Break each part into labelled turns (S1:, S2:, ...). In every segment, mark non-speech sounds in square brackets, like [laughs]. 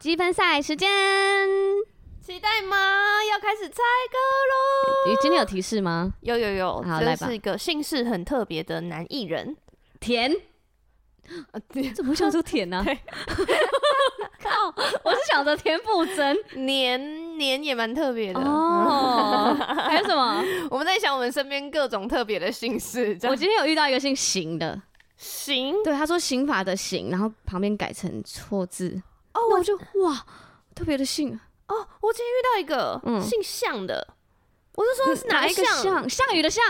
S1: 積分賽時間，期待嗎？要開始猜歌嘍！咦，今天有提示嗎？有有有，真的是一個姓氏很特別的男藝人、啊，田。怎麼想說田啊？ [laughs] 靠！我是想着田馥甄，年年也蠻特別的哦。Oh, [laughs] 還有什麼？我們在想我們身邊各種特別的姓氏。我今天有遇到一個姓邢的，邢。對，他說刑法的刑，然後旁邊改成錯字。哦，我就哇，特別的姓哦，我今天遇到一個姓項的、嗯，我是說是哪一個項？項、嗯、羽的項，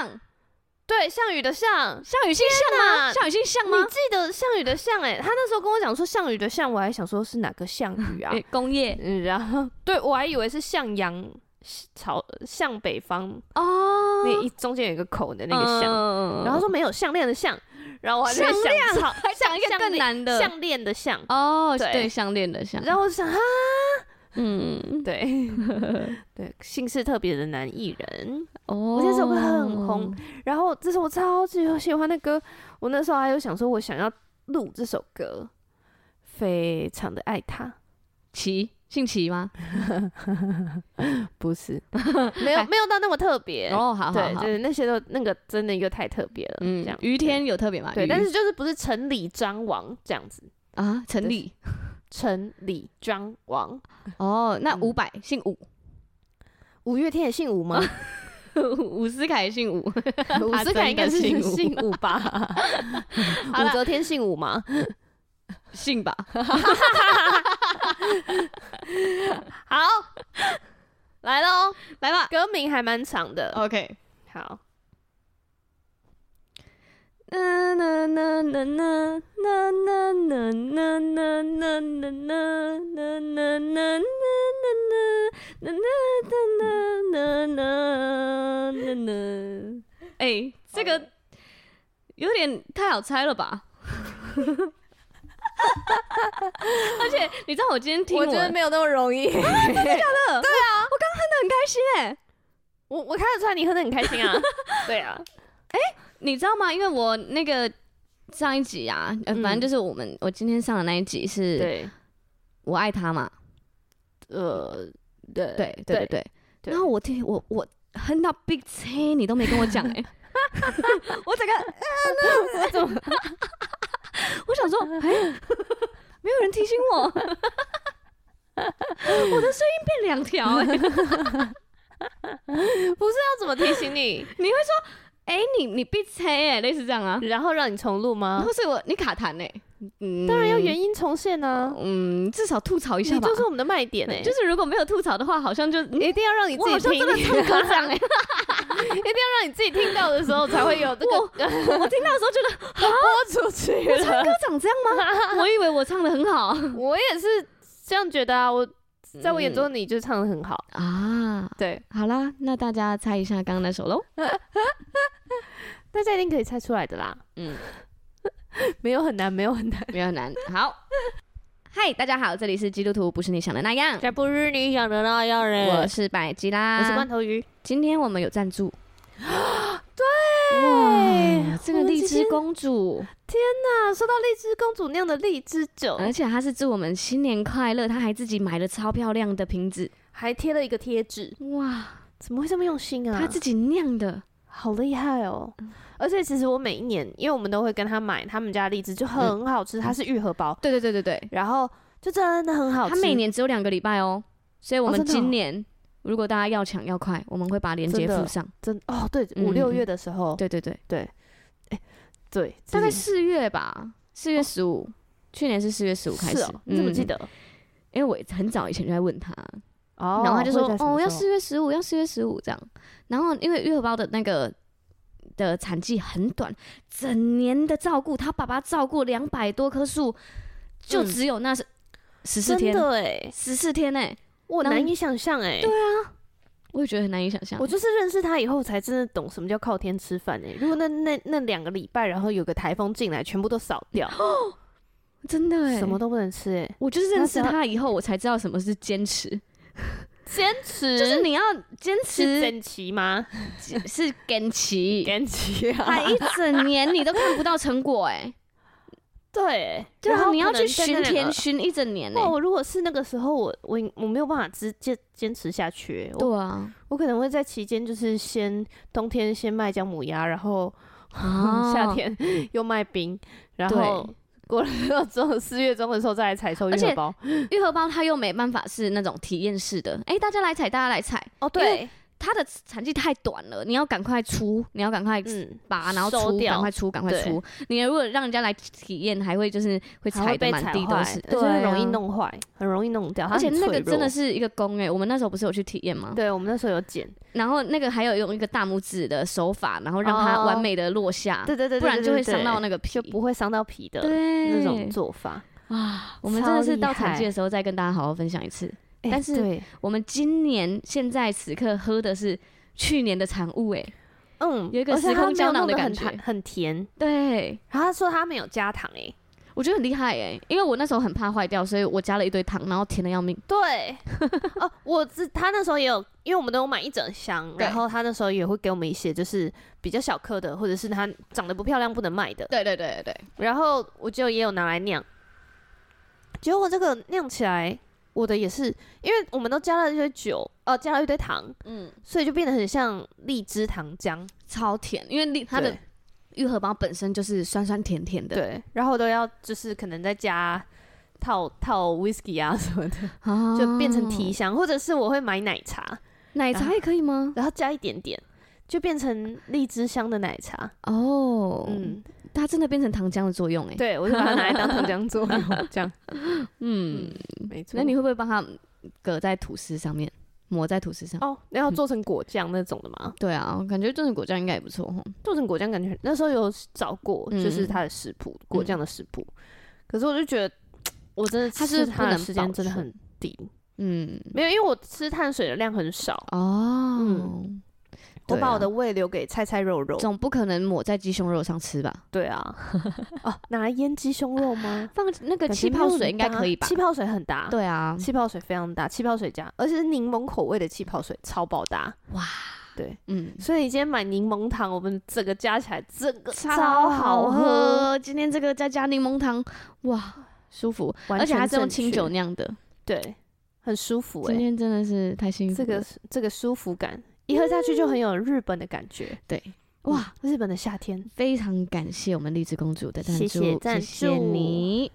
S1: 對，項羽的項，項羽姓項嗎？項、啊、羽姓項嗎？你記得項羽的項？哎，他那時候跟我講說項羽的項，我還想說是哪個項羽啊？工、 [laughs] 欸、業、嗯，然後對我還以為是向陽朝向北方哦。那一中間有一個口的那個項、嗯，然後說沒有項鏈的項。然後我還在想項鏈好，還想一個更難的項鏈的項哦、oh,，對，項鏈的項。然後我想哈、啊，嗯，對 [laughs] 對，對，姓氏特別的男藝人哦，oh. 我覺得這首歌很紅。然後這是我超級喜歡的歌、那個，我那時候還有想說我想要錄這首歌，非常的愛他，起。姓齊嗎？ [laughs] 不是，沒有沒有到那麼特別。哦，好，好，好，對，就是那些都那個真的又太特別了。嗯，這樣，於天有特別嗎？對，但是就是不是陳李張王這樣子啊？陳李、就是、陳李張王。哦，那五百、嗯、姓伍，五月天也姓伍嗎？伍 [laughs] 思凱姓伍，伍思凱應該是姓 [laughs] 姓伍吧？ [laughs] 武則天姓伍嗎？ [laughs] 姓吧。 [laughs] [laughs] [laughs] 好，來嘍來吧。歌名還蠻長的，OK 好。好， [music] 哎，這個有點太好猜了吧？ [laughs] [laughs] 而且你知道我今天聽，我覺得沒有那麼容易、 [laughs] 啊，真的假的？ [laughs] 對啊，我剛剛哼的很開心哎，我我看得出來你哼的很開心啊， [laughs] 對啊。哎、欸，你知道嗎？因為我那個上一集啊，呃、反正就是我們、嗯、我今天上的那一集是，對我愛他嘛，呃，對對對對對。然後我聽我我哼到 big 青，你都沒跟我講哎、欸， [laughs] [laughs] [laughs] 我整個呃，我怎麼？那 [laughs] [laughs] [laughs] [laughs] [laughs] 我想說，哎、欸，沒有人提醒我， [laughs] 我的聲音變兩條、欸，哎， [laughs] 不是要怎麼提醒你？ [laughs] 你會說，哎、欸，你你閉嘴哎，類似這樣啊，然後讓你重錄嗎？不是我，你卡痰呢、欸。嗯，當然要原音重現呢、啊。嗯，至少吐槽一下吧，就是我們的賣點哎、欸。就是如果沒有吐槽的話，好像就一定要讓你自己聽。我,我好像真的唱得這樣一定要讓你自己聽到的時候才會有這個我。 [laughs] 我聽到的時候覺得，好，我唱歌長這樣嗎？啊、我以為我唱的很好，我也是這樣覺得啊。我在我眼中，你就唱的很好、嗯、啊。對，好啦，那大家猜一下剛剛那首嘍、啊啊啊啊啊。大家一定可以猜出來的啦。嗯。 [laughs] 沒有很難，沒有很難，沒有很難。好，嗨， [laughs] 大家好，這裡是基督徒，不是你想的那樣，才不是你想的那樣耶。我是百吉拉，我是罐頭魚。今天我們有贊助， [coughs] 對哇，這個荔枝公主，天，天哪，收到荔枝公主釀的荔枝酒，而且她是祝我們新年快樂，她還自己買了超漂亮的瓶子，還貼了一個貼紙，哇，怎麼會這麼用心啊？她自己釀的。好厲害哦、喔嗯！而且其實我每一年，因為我們都會跟他買他們家荔枝，就很好吃。嗯、它是玉荷包，對對對對對。然後就真的很好吃，它每年只有兩個禮拜哦、喔。所以我們今年、哦哦、如果大家要搶要快，我們會把鏈接附上。真,真哦，對，嗯、五六月的時候，對對對對，哎，對，對對大概四月吧，四月十五、哦，去年是四月十五開始。是哦，你怎麼記得、嗯？因為我很早以前就在問他。Oh, 然後他就說：“哦，要四月十五，要四月十五這樣。”然後因為玉荷包的那個的產季很短，整年的照顧他爸爸照顧兩百多棵樹，就只有那是十四天，對、欸，十四天、欸，哎，我難以想象、欸，哎，對啊，我也覺得很難以想象、欸。我就是認識他以後，才真的懂什麼叫靠天吃飯，哎，如果那那那兩個禮拜，然後有個颱風進來，全部都掃掉， [coughs] 真的、欸，哎，什麼都不能吃、欸，哎，我就是認識他以後，我才知道什麼是堅持。堅持就是你要堅持整齊嗎？ [laughs] 是整齊，整齊、啊，還一整年你都看不到成果哎、欸， [laughs] 對、欸，對，你要去巡田巡一整年哦、欸，如果是那個時候，我我我沒有辦法支堅堅持下去、欸。對啊我，我可能會在期間就是先冬天先賣薑母鴨，然後、嗯、夏天又賣冰，然後。過了之後，四月中的時候再來採收玉荷包。玉荷包它又沒辦法是那種體驗式的，哎、欸，大家來採，大家來採。哦，對。欸它的產季太短了，你要趕快出，你要趕快拔、嗯，然後出，趕快出，趕快出。你如果讓人家來體驗，還會就是會踩，是會被踩壞，對，容易弄壞、啊，很容易弄掉。而且那個真的是一個工，誒，我們那時候不是有去體驗嗎？對，我們那時候有剪，然後那個還有用一個大拇指的手法，然後讓它完美的落下，對對對，不然就會傷到那個皮，對對對對對對，就不會傷到皮的那種做法啊。我們真的是到產季的時候再跟大家好好分享一次。但是我們今年現在此刻喝的是去年的產物哎、欸，嗯，有一個時空膠囊的感覺，很甜。對，然後他說他沒有加糖哎、欸，我覺得很厲害哎、欸，因為我那時候很怕壞掉，所以我加了一堆糖，然後甜的要命。對， [laughs] 哦，我他那時候也有，因為我們都有買一整箱，然後他那時候也會給我們一些就是比較小顆的，或者是他長得不漂亮不能賣的。對對對對。然後我就也有拿來釀，結果這個釀起來。我的也是，因為我們都加了一些酒，哦、啊，加了一堆糖，嗯，所以就變得很像荔枝糖漿，超甜。因為荔它的玉荷包本身就是酸酸甜甜的，對。然後都要就是可能再加套套威士忌啊什麼的、啊，就變成提香。或者是我會買奶茶，奶茶也可以嗎？然後加一點點，就變成荔枝香的奶茶。哦，嗯。它真的變成糖漿的作用哎、欸，對，我就把它拿來當糖漿做，這樣，嗯，沒錯。那你會不會幫它擱在吐司上面，抹在吐司上？哦，那要做成果醬、嗯、那種的嗎？對啊，我感覺做成果醬應該也不錯，做成果醬感覺很那時候有找過，就是它的食譜、嗯、果醬的食譜、嗯。可是我就覺得，我真的吃它，它的時間真的很低嗯。嗯，沒有，因為我吃碳水的量很少哦。嗯。我把我的胃留給菜菜肉肉、啊，總不可能抹在雞胸肉上吃吧？對啊， [laughs] 哦，拿來醃雞胸肉嗎？ [laughs] 放那個氣泡水應該可以吧？氣泡水很大，對啊，氣泡水非常大，氣泡水加，而且是檸檬口味的氣泡水，超爆搭！哇，對，嗯，所以今天買檸檬糖，我們整個加起來這個超好喝。 [laughs] 今天這個再加檸檬糖，哇，舒服，而且還是用清酒釀的，對，很舒服、欸。今天真的是太幸福了，這個這個舒服感。一喝下去就很有日本的感覺，嗯、對哇，哇，日本的夏天，非常感謝我們荔枝公主的贊助，謝謝你。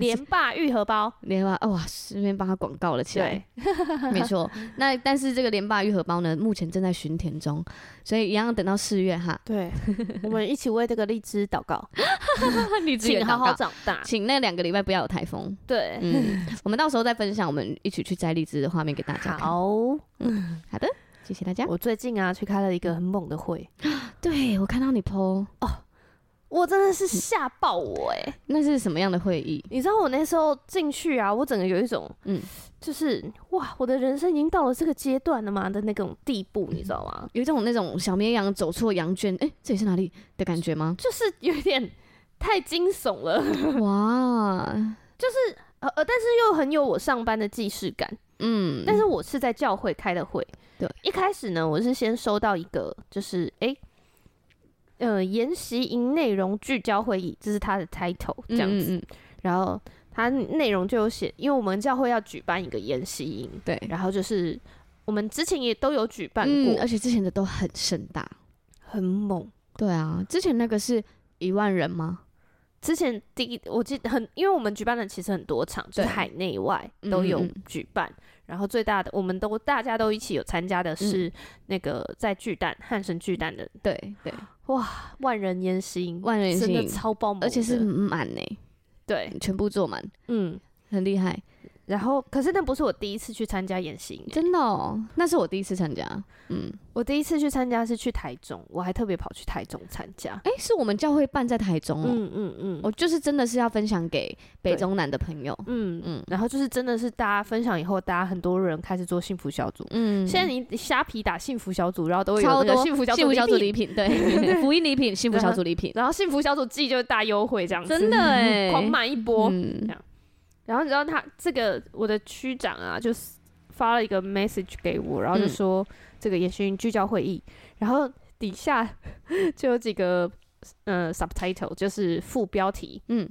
S1: 連 [laughs] 爸玉荷包，連爸、哦，哇，順便幫他廣告了起來， [laughs] 沒錯。那但是這個連爸玉荷包呢，目前正在巡田中，所以一樣等到四月哈。對，我們一起為這個荔枝禱告, [laughs] [laughs] 告，請好好長大，請那兩個禮拜不要有台風。對，嗯， [laughs] 我們到時候再分享我們一起去摘荔枝的畫面給大家。好， [laughs] 嗯，好的。謝謝大家。我最近啊，去開了一個很猛的會。啊、對，我看到你 po 哦，oh, 我真的是嚇爆我哎、欸嗯！那是什麼樣的會議？你知道我那時候進去啊，我整個有一種嗯，就是哇，我的人生已經到了這個階段了嗎的那種地步，你知道嗎？嗯、有一種那種小綿羊走出了羊圈，誒、欸，這裡是哪裡的感覺嗎？就是有一點太驚悚了 [laughs] 哇！就是呃呃，但是又很有我上班的既視感。嗯，但是我是在教會開的會。對，一開始呢，我是先收到一個，就是哎、欸，呃，研習營內容聚焦會議，這是他的 title 這樣子。嗯、然後他內容就有寫，因為我們教會要舉辦一個研習營，對。然後就是我們之前也都有舉辦過、嗯，而且之前的都很盛大，很猛。對啊，之前那個是一萬人嗎？之前第一，我記得很，因為我們舉辦的其實很多場，就是海內外都有舉辦。嗯嗯然後最大的，我們都大家都一起有參加的是那個在巨蛋，嗯，漢神巨蛋的，對對，哇，萬人煙心，萬人煙心，真的超爆滿，而且是滿呢，對，全部坐滿，嗯，很厲害。然後，可是那不是我第一次去參加演習，真的、哦，那是我第一次參加。嗯，我第一次去參加是去台中，我還特別跑去台中參加。哎，是我們教會辦在台中哦。嗯嗯嗯。我就是真的是要分享給北中南的朋友。嗯嗯。然後就是真的是大家分享以後，大家很多人開始做幸福小組。嗯。現在你蝦皮打幸福小組，然後都會有那個幸福小組禮品，對，幸福小組禮品 [laughs] 福音禮品、幸福小組禮品，然後，然後幸福小組自己就會大優惠這樣子。真的哎、嗯。狂買一波、嗯、這樣。然後你知道他這個我的區長啊，就是發了一個 message 給我，然後就說、嗯、這個也是聚焦會議，然後底下就有幾個呃 subtitle 就是副標題，嗯，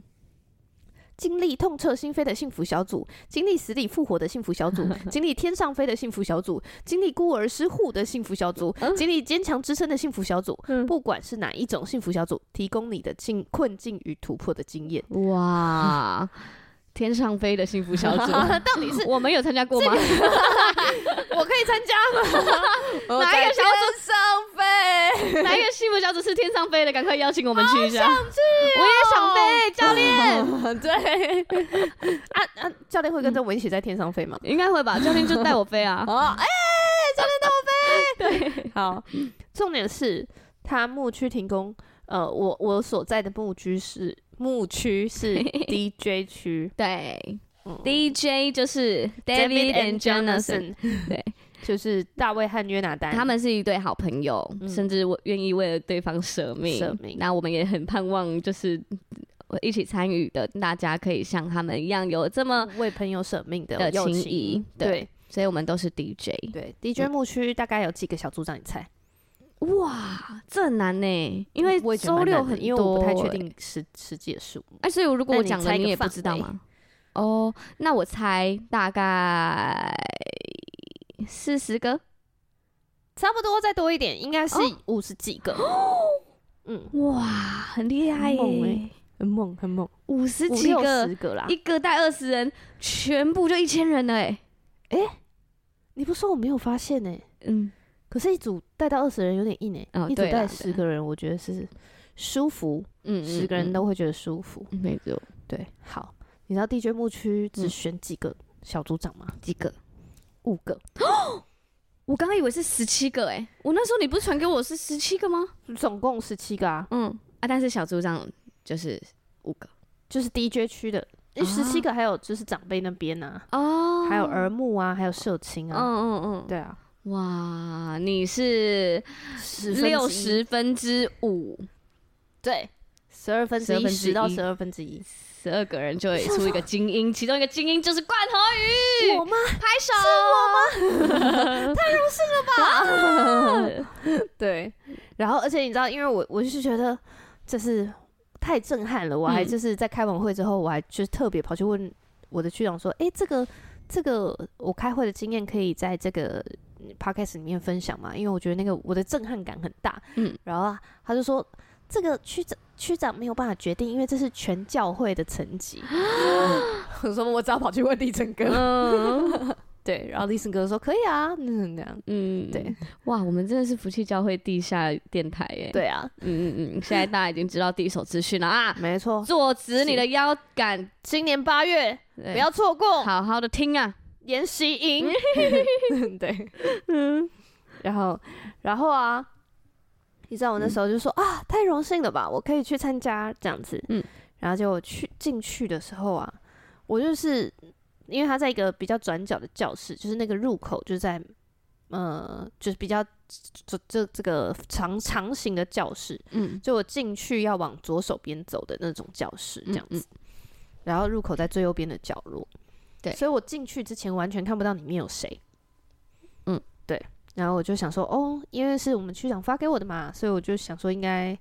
S1: 經歷痛徹心扉的幸福小組，經歷死裡復活的幸福小組， [laughs] 經歷天上飛的幸福小組，經歷孤兒失怙的幸福小組，嗯、經歷堅強支撐的幸福小組、嗯，不管是哪一種幸福小組，提供你的境困境與突破的經驗，哇。 [laughs] 天上飛的幸福小組， [laughs] 到底是我沒有參加過嗎？ [laughs] 我可以參加嗎？ [laughs] 哪一個小組上飛？ [laughs] 哪一個幸福小組是天上飛的？趕快邀請我們去一下。Oh, 想去，oh. 我也想飛，教練。 [laughs] 對， [laughs] 啊啊，教練會跟着我一起在天上飛嗎？ [laughs] 應該會吧，教練就帶我飛啊。哦，哎，教練帶我飛。 [laughs] 對，好。 [laughs] 重點是他牧區停工，呃，我我所在的牧區是。牧區是 DJ 區，對、嗯、，DJ 就是 David, David and Jonathan， [laughs] 對，就是大衛和約拿丹，他們是一對好朋友，嗯、甚至我願意為了對方舍命。舍命。那我們也很盼望，就是一起參與的，大家可以像他們一樣，有這麼為朋友舍命的情誼。對，所以我們都是 DJ。對，DJ 牧區大概有幾個小組長？你猜？哇，這很難呢、欸，因為周六很多、欸，我的因為我不太確定是實際數、欸。所以我如果講了你，你也不知道嗎？哦，那我猜大概四十個，差不多，再多一點，應該是五十幾個。嗯、哦，哇，很厲害耶、欸欸，很猛，很猛，五十幾個，五六十個啦，一個帶二十人，全部就一千人了、欸。哎、欸，你不說我沒有發現呢、欸。嗯。可是，一組帶到二十人有點硬誒、欸哦。一組帶十個人，我覺得是舒服。嗯十個人都會覺得舒服。沒、嗯、錯、嗯嗯。對。好，你知道 DJ 牧區只選幾個小組長嗎？幾個？五個。哦。我剛剛以為是十七個誒、欸。我那時候你不是傳給我是十七個嗎？總共十七個啊。嗯。啊，但是小組長就是五個，就是 DJ 區的。啊、哦。十七個，還有就是長輩那邊啊，哦。還有兒牧啊，還有社青啊。嗯嗯嗯。對啊。哇，你是六十分之五，之對，十二分之一十到十二分之一，十二個人就會出一個精英，其中一個精英就是冠頭魚，我嗎？拍手，是我嗎？ [laughs] [laughs] 太榮幸了吧？ [laughs] [laughs] [laughs] 對，對 [laughs] 然後而且你知道，因為我我就是覺得就是太震撼了，我還就是在開完會之後，嗯、我還就是特別跑去問我的區長說，哎、欸，這個這個我開會的經驗可以在這個。Podcast 裡面分享嘛，因為我覺得那個我的震撼感很大，嗯，然後啊，他就說這個區長區長沒有辦法決定，因為這是全教會的層級，嗯。我說我只要跑去問利森哥，嗯、 [laughs] 對，然後利森哥說可以啊，嗯嗯嗯，對，哇，我們真的是福氣教會地下電台耶，對啊，嗯嗯嗯，現在大家已經知道第一手資訊了啊，沒錯，坐直你的腰桿，今年八月不要錯過，好好的聽啊。嚴西英，對，嗯，然後，然後啊，你知道我那時候就說、嗯、啊，太榮幸了吧，我可以去參加這樣子，嗯，然後就去進去的時候啊，我就是因為他在一個比較轉角的教室，就是那個入口就在，呃，就是比較這這這個長長形的教室，嗯，就我進去要往左手邊走的那種教室這樣子，嗯嗯、然後入口在最右邊的角落。對，所以我進去之前完全看不到裡面有誰。嗯，對。然後我就想說，哦，因為是我們區長發給我的嘛，所以我就想說應該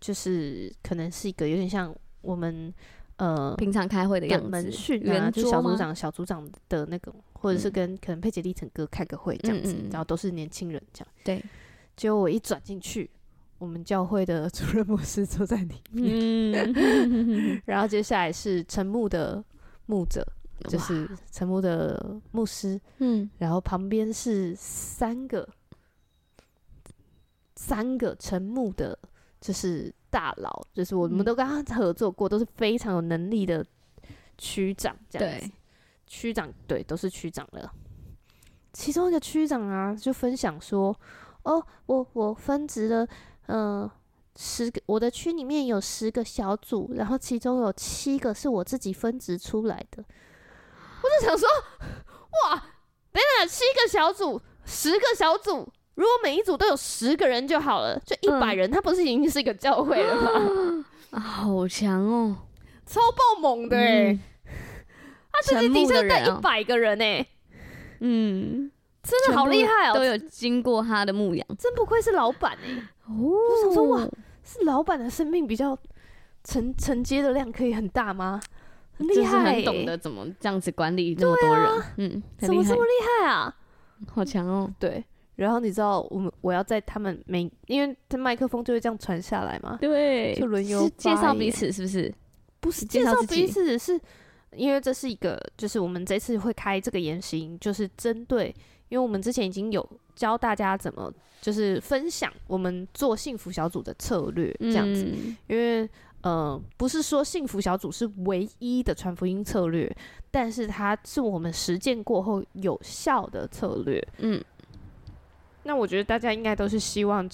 S1: 就是可能是一個有點像我們呃平常開會的樣子，門訓啊，就是小組長、小組長的那個，或者是跟可能佩姐、立成哥開個會這樣子，嗯嗯嗯，然後都是年輕人這樣。對。結果我一轉進去，我們教會的主任牧師坐在裡面、嗯， [laughs] [laughs] 然後接下來是陳牧的牧者。就是沉默的牧師，嗯，然後旁邊是三個三個沉默的，就是大佬，就是我們都跟他合作過，嗯、都是非常有能力的區長這樣子。對區長對，都是區長了。其中一個區長啊，就分享說：“哦，我我分植了，嗯、呃，十個我的區裡面有十個小組，然後其中有七個是我自己分植出來的。”我就想說，哇，等等，七個小組，十個小組，如果每一組都有十個人就好了，就一百人，嗯、他不是已經是一個教會了嗎？啊、好強哦、喔，超爆猛的哎、欸嗯！他自己底下帶一百個人呢、欸喔，
S2: 嗯，真的好厲害哦、喔，都有
S1: 經過他的牧養，真不愧是老闆哎、欸哦。我就想說哇，是老闆的生命比較承承接的量可以很大嗎？害欸、就是很懂得怎麼這樣子管理這麼多人，啊、嗯，怎麼這麼厲害啊？好強哦、喔！對，然後你知道我，我們我要在他們每，因為麥克風就會這樣傳下來嘛，對，就輪流介紹彼此，是不是？不是介紹彼此，是因為這是一個，就是我們這次會開這個研習，就是針對，因為我們之前已經有教大家怎麼就是分享我們做幸福小組的策略這樣子，嗯、因為。嗯、呃，不是說幸福小組是唯一的傳福音策略，但是它是我們實踐過後有效的策略。嗯，那我覺得大家應該都是希望，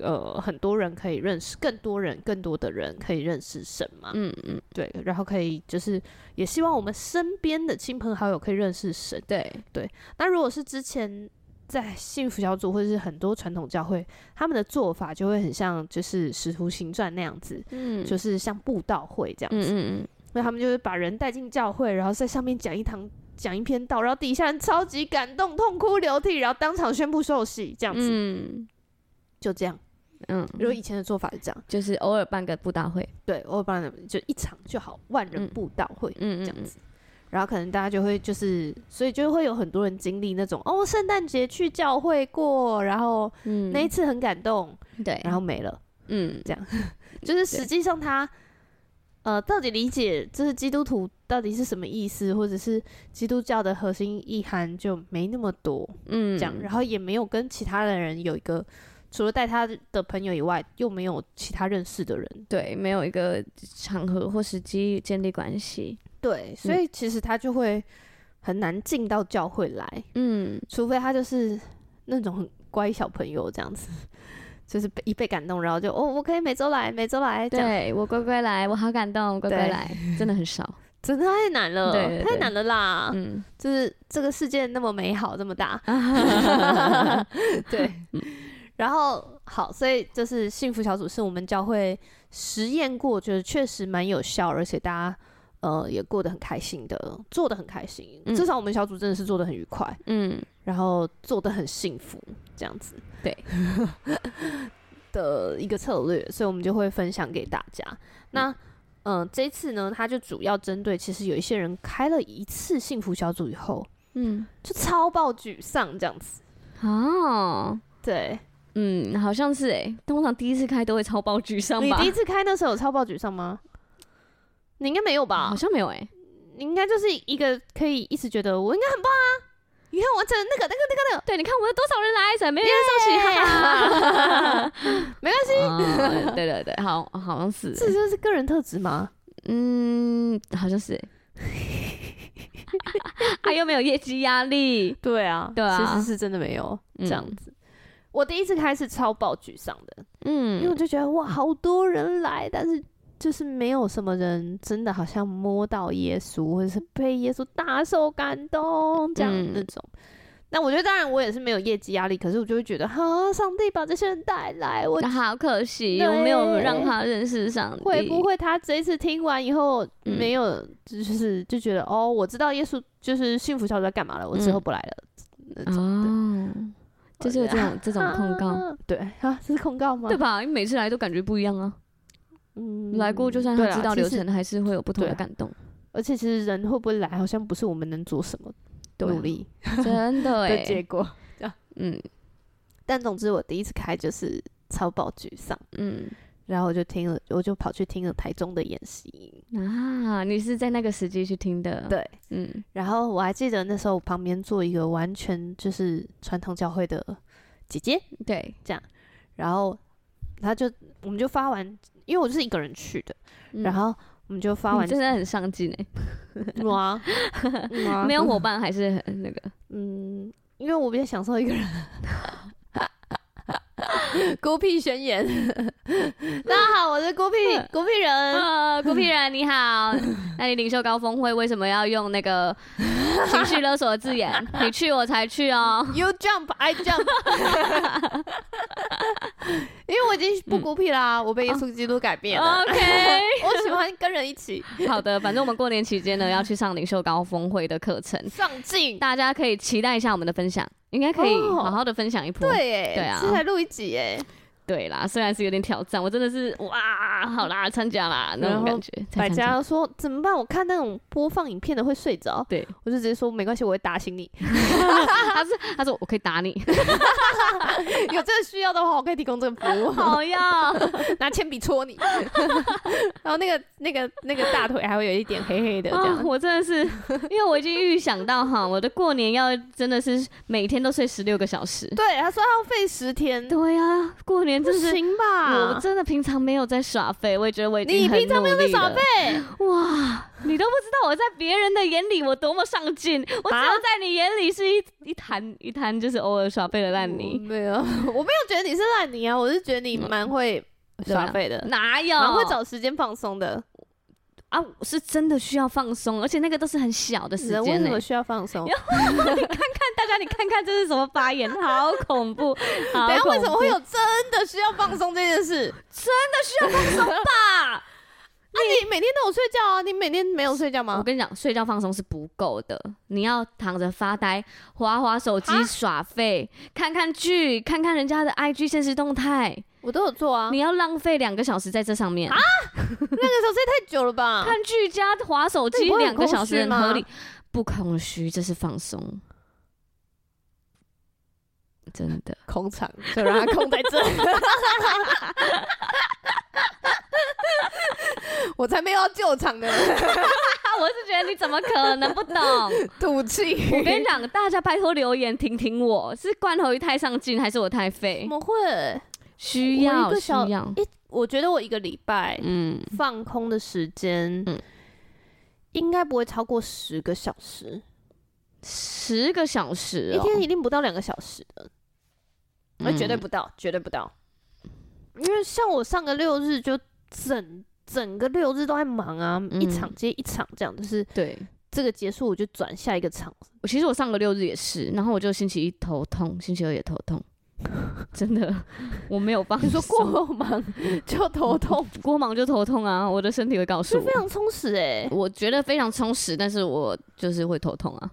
S1: 呃，很多人可以認識更多人，更多的人可以認識神嘛。嗯嗯，對。然後可以就是也希望我們身邊的親朋好友可以認識神。嗯、對對。那如果是之前。在幸福小組或者是很多傳統教會，他們的做法就會很像，就是《使徒行傳》那樣子，嗯、就是像布道會這樣子，那、嗯嗯、他們就會把人帶進教會，然後在上面講一堂講一篇道，然後底下人超級感動，痛哭流涕，然後當場宣布受洗，這樣子，嗯、就這樣，嗯，如果以前的做法是這樣，就是偶爾辦個布道會，對，偶爾辦個就一場就好萬人布道會，嗯，這樣子。嗯嗯嗯然後可能大家就會就是，所以就會有很多人經歷那種哦，聖誕節去教會過，然後那一次很感動，嗯、對，然後沒了，嗯，這樣， [laughs] 就是實際上他呃，到底理解就是基督徒到底是什麼意思，或者是基督教的核心意涵就沒那麼多，嗯，這樣，然後也沒有跟其他的人有一個。除了帶他的朋友以外，又沒有其他認識的人。對，沒有一個場合或時機建立關係。對，所以其實他就會很難進到教會來。嗯，除非他就是那種很乖小朋友這樣子，嗯、就是一被感動，然後就哦，我可以每週來，每週來。對，我乖乖來，我好感動，乖乖來，真的很少， [laughs] 真的太難了，對對對，太難了啦。嗯，就是這個世界那麼美好，這麼大。 [laughs] [laughs] [laughs] 對。嗯然後好，所以這是幸福小組，是我們教會實驗過，覺得確實蠻有效，而且大家呃也過得很開心的，做得很開心、嗯。至少我們小組真的是做得很愉快，嗯，然後做得很幸福這樣子，對， [laughs] 的一個策略，所以我們就會分享給大家。那嗯，呃、這次呢，他就主要針對其實有一些人開了一次幸福小組以後，嗯，就超爆沮喪這樣子啊、哦，對。嗯，好像是哎、欸，通常第一次開都會超爆沮喪吧？ [laughs] 你第一次開的時候有超爆沮喪嗎？你應該沒有吧、嗯？好像沒有哎、欸，你應該就是一個可以一直覺得我應該很棒啊！你看我這那個那個那個那個，對，你看我有多少人來，怎沒人受啟啊、yeah、 [laughs] [laughs] 沒關係，uh, 對對對，好好像是，這就是個人特質嗎？嗯，好像是、欸，他、 [laughs] 啊、又沒有業績壓力，對啊，對啊，其實是,是,是真的沒有、嗯、這樣子。我第一次開始超爆沮喪的，嗯，因為我就覺得哇，好多人來，但是就是沒有什麼人真的好像摸到耶穌，或者是被耶穌大受感動這樣那種。嗯、那我覺得，當然我也是沒有業績壓力，可是我就會覺得，哈，上帝把這些人帶來，我好可惜，我沒有讓他認識上帝。會不會他這一次聽完以後，沒有，嗯、就是就覺得哦，我知道耶穌就是幸福小組在幹嘛了，我之後不來了、嗯、那種的。啊就是有這種、啊、這種控告，對啊，這、啊、是控告嗎？對吧？你每次來都感覺不一樣啊。嗯，來過就算他知道流程，還是會有不同的感動。而且其實人會不會來，好像不是我們能做什麼努力對、啊、 [laughs] 真的、欸、結果、啊。嗯，但總之我第一次開就是超爆沮喪。嗯。然後我就聽了，我就跑去聽了台中的演習。啊，你是在那個時機去聽的？對，嗯。然後我還記得那時候旁邊坐一個完全就是傳統教會的姐姐，對，這樣。然後他，然就我們就發完，因為我就是一個人去的。嗯、然後我們就發完，真的很上進哎！哇 [laughs] [laughs] [laughs] [laughs] [laughs] [laughs] [laughs] 沒有夥伴還是很那個，嗯，因為我比較享受一個人。 [laughs] 孤僻宣言，大家好，我是孤僻、嗯、孤僻人，嗯、孤僻人你好。那你領袖高峰會為什麼要用那個情緒勒索的字眼？ [laughs] 你去我才去哦。You jump, I jump。 [laughs] [laughs] 因為我已經不孤僻啦、啊嗯，我被耶穌基督改變了。啊、OK， [laughs] 我喜歡跟人一起。 [laughs] 好的，反正我們過年期間呢要去上領袖高峰會的課程，上進，大家可以期待一下我們的分享。應該可以好好的分享一波，oh, 對耶，對啊，這才錄一集哎。對啦，雖然是有點挑戰，我真的是哇，好啦，參加啦，那種感覺。百家說怎麼辦？我看那種播放影片的會睡着，對，我就直接說沒關係，我會打醒你。 [laughs] [laughs] 他是他說我可以打你， [laughs] [laughs] 有這個需要的話，我可以提供這個服務。好呀， [laughs] [laughs] 拿鉛筆戳你， [laughs] 然後那個那個那個大腿還會有一點黑黑的。這樣、啊，我真的是因為我已經預想到哈，我的過年要真的是每天都睡十六個小時。對，他說要廢十天。對呀、啊，過年。這是行吧，我真的平常沒有在耍廢，我也覺得我已經很努力了。你平常沒有在耍廢，哇，你都不知道我在別人的眼裡我多麼上進，我只要在你眼裡是一、啊、一灘一灘就是偶爾耍廢的爛泥。沒有，我沒有覺得你是爛泥啊，我是覺得你蠻會耍廢的，哪有，蠻會找時間放鬆的。啊，我是真的需要放鬆，而且那個都是很小的時間、欸。我怎麼需要放鬆？ [laughs] 你看看大家，你看看這是什麼發言，好恐怖！恐怖。等一下為什麼會有真的需要放鬆這件事？真的需要放鬆吧？那、 [laughs] 啊、你每天都有睡覺啊？你每天沒有睡覺嗎？我跟你講，睡覺放鬆是不夠的，你要躺着發呆、滑滑手機耍廢、看看劇、看看人家的 IG 限時動態。我都有做啊！你要浪費兩個小時在這上面啊？那個時候,也太久了吧？ [laughs] 看劇加滑手機兩個小時很合理，不空虛，這是放鬆，真的。空場就讓它空在這。 [laughs] [laughs] [laughs] 我才沒有要救場的。 [laughs] [laughs] 我是覺得你怎麼可能不懂？吐氣！我跟你講，大家拜託留言聽聽我，我是罐頭魚太上進，還是我太廢？怎麼會？需要需要，一我覺得我一個禮拜，嗯，放空的時間，嗯，應該不會超過十個小時，嗯、十個小時、喔，一天一定不到兩個小時的，
S2: 那絕對
S1: 不到、嗯，絕對不到，因為像我上個六日就整整個六日都在忙啊，嗯、一場接一場這樣，就是對這個結束我就轉下一個場，其實我上個六日也是，然後我就星期一頭痛，星期二也頭痛。 [laughs] 真的，我沒有幫你說過後忙就頭痛， [laughs] 過忙就頭痛啊！我的身體會告訴我，就非常充實哎、欸，我覺得非常充實，但是我就是會頭痛啊。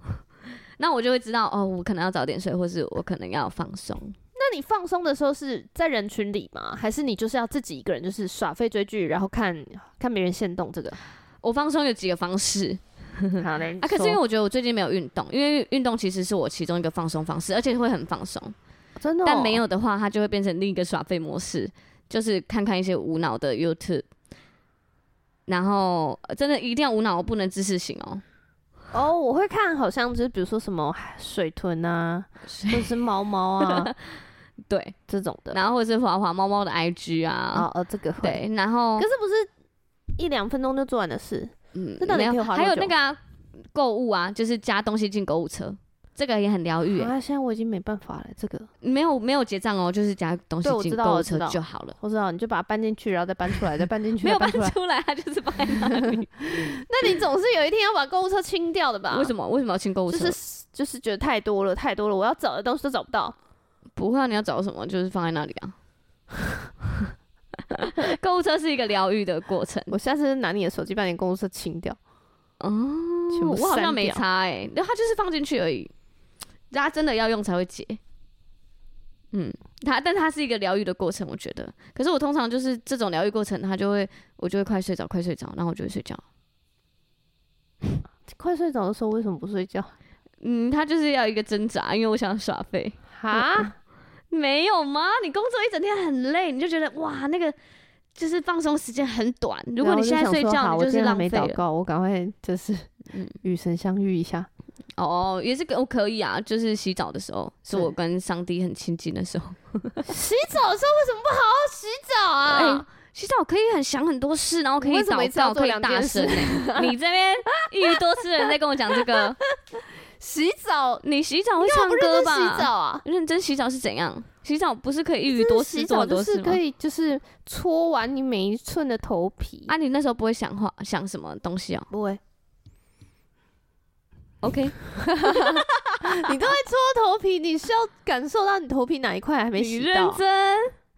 S1: 那我就會知道哦，我可能要早點睡，或是我可能要放鬆。那你放鬆的時候是在人群裡嗎？還是你就是要自己一個人，就是耍廢追劇，然後看看別人限動這個？我放鬆有幾個方式， [laughs] 好嘞啊。可是因為我覺得我最近沒有運動，因為運動其實是我其中一個放鬆方式，而且會很放鬆。真的、哦，但沒有的話，它就會變成另一個耍廢模式，就是看看一些無腦的 YouTube，然後、呃、真的一定要無腦，不能知識型哦。哦，我會看，好像就是比如說什麼水豚啊，或者是貓貓啊， [laughs] 對這種的，然後或者是滑滑貓貓的 IG 啊，哦哦、呃，這個會對，然後可是不是一兩分鐘就做完的事？嗯，真的有還有那個購、啊、物啊，就是加東西進購物車。這個也很療癒、欸。啊，現在我已經沒辦法了。這個沒有沒有結賬哦，就是夾東西進購物車就好了。我知道，你就把它搬進去，然後再搬出來， [laughs] 再搬進去，沒有搬出來啊，搬來 [laughs] 就是放在那裡。 [laughs] 那你總是有一天要把購物車清掉的吧？為什麼為什麼要清購物車？就是就是覺得太多了，太多了，我要找的東西都找不到。不會、啊，你要找什麼？就是放在那裡啊。購 [laughs] [laughs] 物車是一個療癒的過程。我下次拿你的手機把你的購物車清掉。哦，我好像沒差誒、欸，那它就是放進去而已。他真的要用才會解，嗯，它，但他是一個療癒的過程，我覺得。可是我通常就是這種療癒過程，他就會，我就會快睡着，快睡着，然後我就會睡覺。快睡着的時候為什麼不睡覺？嗯，他就是要一個掙扎，因為我想耍廢。哈、嗯，沒有嗎？你工作一整天很累，你就覺得哇，那個就是放鬆時間很短。如果你現在睡覺，就是浪費了，我今天沒禱告，我趕快就是與神相遇一下。嗯哦，也是我可以啊，就是洗澡的時候，是我跟上帝很親近的時候。嗯、 [laughs] 洗澡的時候為什麼不好好洗澡啊？欸、洗澡可以很想很多事，然後可以禱告，可以大聲、欸。事 [laughs] 那。你這邊一魚多吃，的人在跟我講這個洗澡， [laughs] 你洗澡會唱歌吧？洗澡啊，認真洗澡是怎樣？洗澡不是可以一魚多吃，洗澡就是可以就是搓完你每一寸的頭皮。啊，你那時候不會想話想什麼東西啊、喔？不會。OK， [laughs] [laughs] 你都會搓頭皮， [laughs] 你需要感受到你頭皮哪一塊還沒洗到。你認真，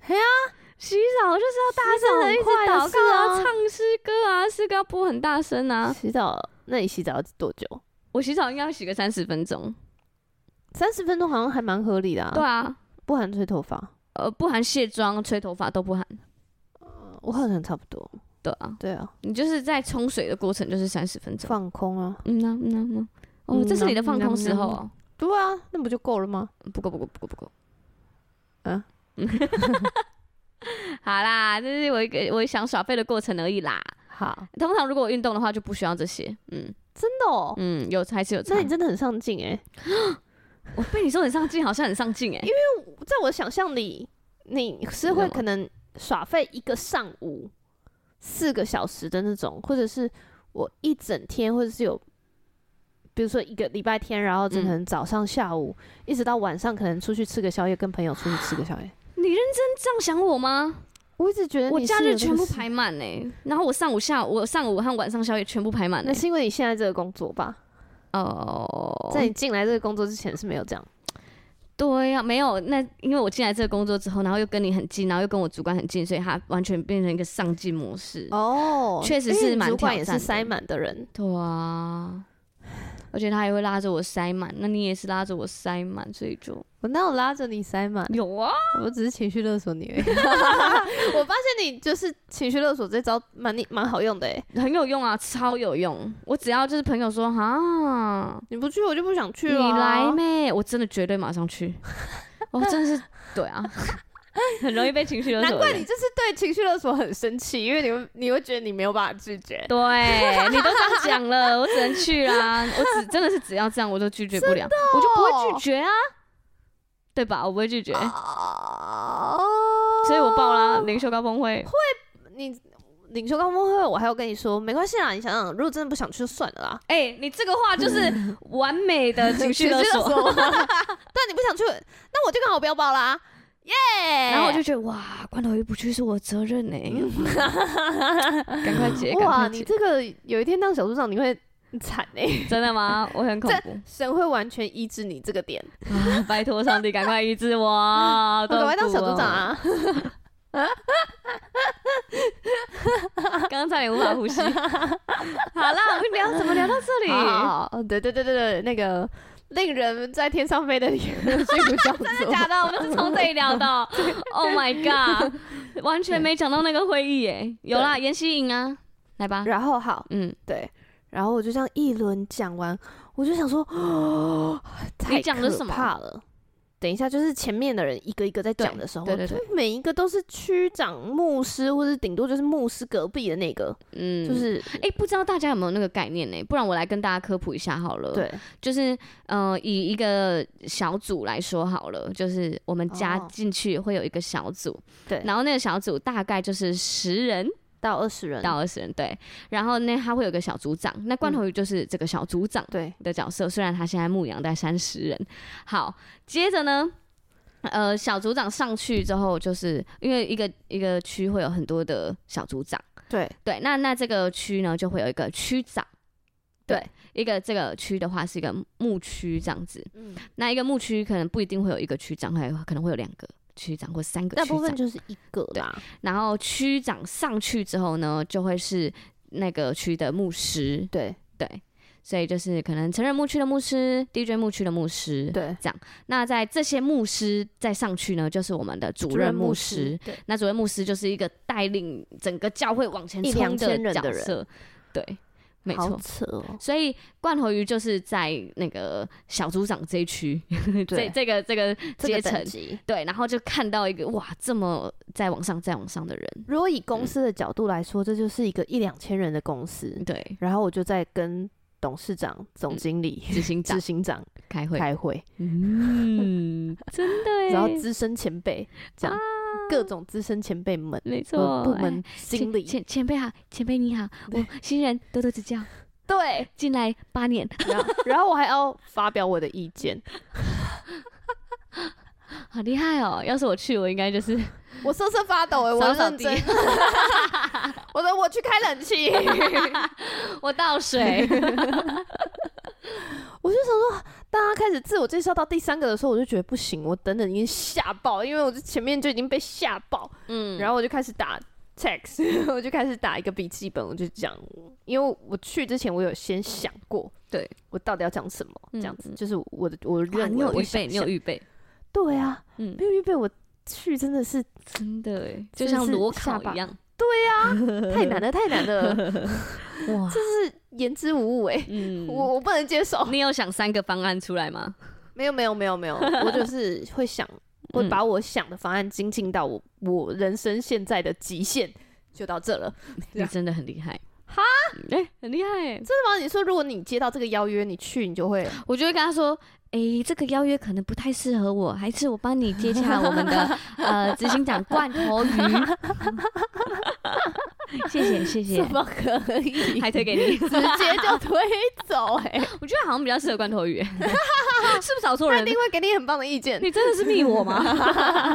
S1: 哎呀，洗澡就是要大聲的一直禱告啊，唱詩歌啊，詩歌要播很大聲啊。洗澡，那你洗澡要多久？我洗澡應該要洗個三十分鐘，三十分鐘好像還蠻合理的。啊。對啊，不含吹頭髮，呃，不含卸妝、吹頭髮都不含。我好像差不多。對啊，對啊，你就是在沖水的過程就是三十分鐘，放空啊。嗯吶、啊，嗯吶、啊，嗯、啊。哦，這是你的放空時候哦。對、嗯、啊，那不就夠了嗎？不夠，不夠，不夠，不夠。嗯， [laughs] [laughs] 好啦，這是我一個我想耍廢的過程而已啦。好，通常如果我運動的話，就不需要這些。嗯，真的、喔。哦，嗯，有還是有差。那你真的很上進誒、欸。 [laughs] 我被你說很上進，好像很上進誒、欸。 [laughs] 因為在我想象裡，你是會可能耍廢一個上午四個小時的那種，或者是我一整天，或者是有。比如說一個禮拜天，然後只能早上、下午、嗯、一直到晚上，可能出去吃個宵夜，跟朋友出去吃個宵夜。啊、你認真這樣想我嗎？我一直覺得你我假日全部排滿呢、嗯，然後我上午、下午、我上午和晚上宵夜全部排滿。那是因為你現在這個工作吧？哦，在你進來這個工作之前是沒有這樣。對呀、啊，沒有。那因為我進來這個工作之後，然後又跟你很近，然後又跟我主管很近，所以他完全變成一個上進模式哦。確實是，主管也是塞滿的人。對啊。而且他還會拉着我塞滿，那你也是拉着我塞滿，所以就我哪有拉着你塞滿？有啊，我只是情緒勒索你而已。 [laughs] [laughs] 我發現你就是情緒勒索這招蠻蠻好用的誒，很有用啊，超有用！我只要就是朋友說啊，你不去我就不想去了、啊、你來咩？我真的絕對馬上去。 [laughs] 我真的是對啊。 [laughs] 很容易被情緒勒索，難怪你就是對情緒勒索很生氣，因為你你會覺得你沒有辦法拒絕。對， [laughs] 你都這樣講了，我只能去啊。 [laughs] 我只真的是只要這樣，我都拒絕不了，哦，我就不會拒絕啊，對吧？我不會拒絕。哦，oh，所以我報了領袖高峰會。會，你領袖高峰會，我還要跟你說，沒關係啦。你想想，如果真的不想去，就算了啦。哎，欸，你這個話就是完美的情緒勒索。 [laughs] 勒索， [laughs] [laughs] 但你不想去，那我就剛好不要報啦。耶、yeah!！然後我就覺得哇，關頭回不去是我的責任呢、欸，趕 [laughs] 快，快解！哇，你這個有一天當小組長你會慘呢、欸，真的嗎？我很恐怖，神會完全醫治你這個點、啊、拜託上帝，趕快醫治我，趕 [laughs] 快當小組長啊！剛、 [laughs] 啊、 [laughs] [laughs] 才也無法呼吸。 [laughs] 好啦，我們聊怎麼聊到這裡？好，好，好，對對對對對，那個。令人在天上飛的幸福真的假的？我 [laughs] 們是從這裡聊的。 [laughs] Oh my god， [laughs] 完全沒講到那個會議誒。有啦，嚴熙穎啊，來吧。然後好，嗯，對，然後我就這樣一輪講完，我就想說， [laughs] 怕了你講的什麼？等一下，就是前面的人一個一個在講的時候，對，對，對，對，每一個都是區長、牧師，或者頂多就是牧師隔壁的那個，嗯，就是哎，欸、不知道大家有沒有那個概念呢、欸？不然我來跟大家科普一下好了，對，就是呃，以一個小組來說好了，就是我們加進去會有一個小組，對、哦，然後那個小組大概就是十人。到二十人，到二十人，對。然後呢，他會有一個小組長，那罐頭魚就是這個小組長對的角色，嗯。雖然他現在牧養在三十人。好，接着呢，呃，小組長上去之後，就是因為一個一個區會有很多的小組長，對對。那那這個區呢，就會有一個區長對，對，一個這個區的話是一個牧區這樣子。嗯，那一個牧區可能不一定會有一個區長，還有可能會有兩個。區長或三個區，大部分就是一個，對。然後區長上去之後呢，就會是那個區的牧師。對對，所以就是可能成人牧區的牧師、DJ 牧區的牧師，對，這樣。那在這些牧師再上去呢，就是我們的主任牧師。對，那主任牧師就是一個帶領整個教會往前衝的角色，對。沒錯、哦，所以罐頭魚就是在那個小組長這一區， [laughs] 這個、這個這個這個層級，對，然後就看到一個哇，這麼再往上再往上的人。如果以公司的角度來說，嗯、這就是一個一兩千人的公司，對。然後我就在跟董事長、總經理、執行執行長、執行長開會開會，嗯， [laughs] 真的耶，然後資深前輩這樣。各種資深前輩們，沒錯，部門經理、哎、前前輩好，前輩你好，我新人多多指教。對，進來八年然後，然後我還要發表我的意見， [laughs] 好厲害哦！要是我去，我應該就是我瑟瑟發抖、欸，稍稍，我認真， [laughs] 我我我去開冷氣， [laughs] [laughs] 我倒水。 [laughs] 我就想說，大家開始自我介紹到第三個的時候，我就覺得不行，我等等已經嚇爆，因為我在前面就已經被嚇爆。嗯，然後我就開始打 text，、嗯、 [laughs] 我就開始打一個筆記本，我就講，因為我去之前我有先想過，對，我到底要講什麼，這樣子，嗯、就是我的，我認為我、嗯啊、你有預備，沒有預備，對啊，嗯、沒有預備，我去真的是真的，真的就像裸考一樣。對呀、啊，太難了，太難了， [laughs] 哇，這是言之無物哎、嗯，我我不能接受。你有想三個方案出來嗎？沒有，沒有，沒有，沒有，我就是會想，會 [laughs] 把我想的方案精進到我、嗯、我人生現在的極限，就到這了。你、嗯、真的很厲害，哈，哎、嗯欸，很厲害、欸，哎，真的嗎？你說如果你接到這個邀約，你去，你就會，我就會跟他說。哎、欸，這個邀約可能不太適合我，還是我幫你接洽我們的 [laughs] 呃執行長罐頭魚。謝 [laughs] 謝 [laughs] 謝謝，怎麼可以？還推給你， [laughs] 直接就推走哎、欸！我覺得好像比較適合罐頭魚， [laughs] [laughs] 是不是找錯人？他一定會給你很棒的意見。 [laughs] 你真的是密我嗎？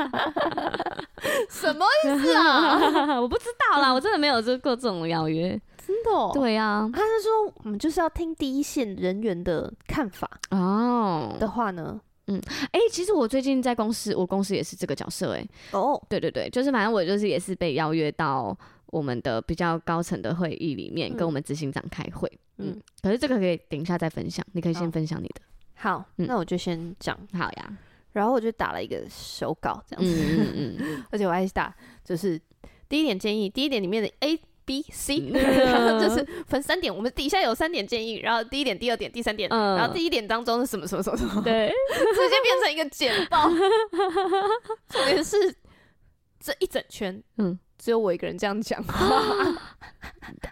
S1: [laughs] [laughs] 什麼意思啊？ [laughs] 我不知道啦，我真的沒有做過這種邀約。真的、喔、對呀、啊，他是說我們就是要聽第一線人員的看法哦。的話呢，哦、嗯，哎、欸，其實我最近在公司，我公司也是這個角色、欸，哎，哦，對對對，就是反正我就是也是被邀約到我們的比較高層的會議裡面，嗯、跟我們執行長開會嗯，嗯，可是這個可以等一下再分享，你可以先分享你的，哦、好，那我就先講、嗯、好呀，然後我就打了一個手稿這樣子，嗯嗯嗯， [laughs] 而且我還是打就是第一點建議，第一點裡面的 A。B C?、嗯、C、嗯、然後就是分三點，我們底下有三點建議，然後第一點、第二點、第三點，呃、然後第一點當中是什麼什麼什麼什麼，對，直 [laughs] 接變成一個簡報，特 [laughs] 別是這一整圈，嗯，只有我一個人這樣講話，啊、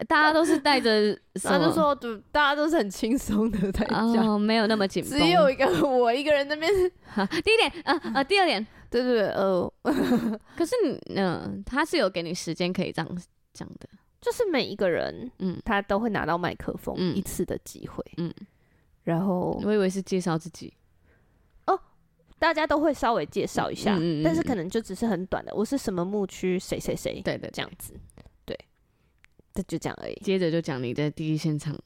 S1: 大家都是帶着他就說，大家都是很輕鬆的在講，哦、沒有那麼緊張，只有一個我一個人那邊，啊，第一點，啊，啊，第二點，對對對，呃， [laughs] 可是你，嗯、呃，他是有給你時間可以這樣講的。就是每一個人，嗯，他都會拿到麥克風一次的機會，嗯嗯，嗯，然後我以為是介紹自己，哦，大家都會稍微介紹一下，嗯，嗯，嗯，但是可能就只是很短的，我是什麼牧區誰、誰誰誰，對的，這樣子，對，這就講而已。接着就講你的第一現場，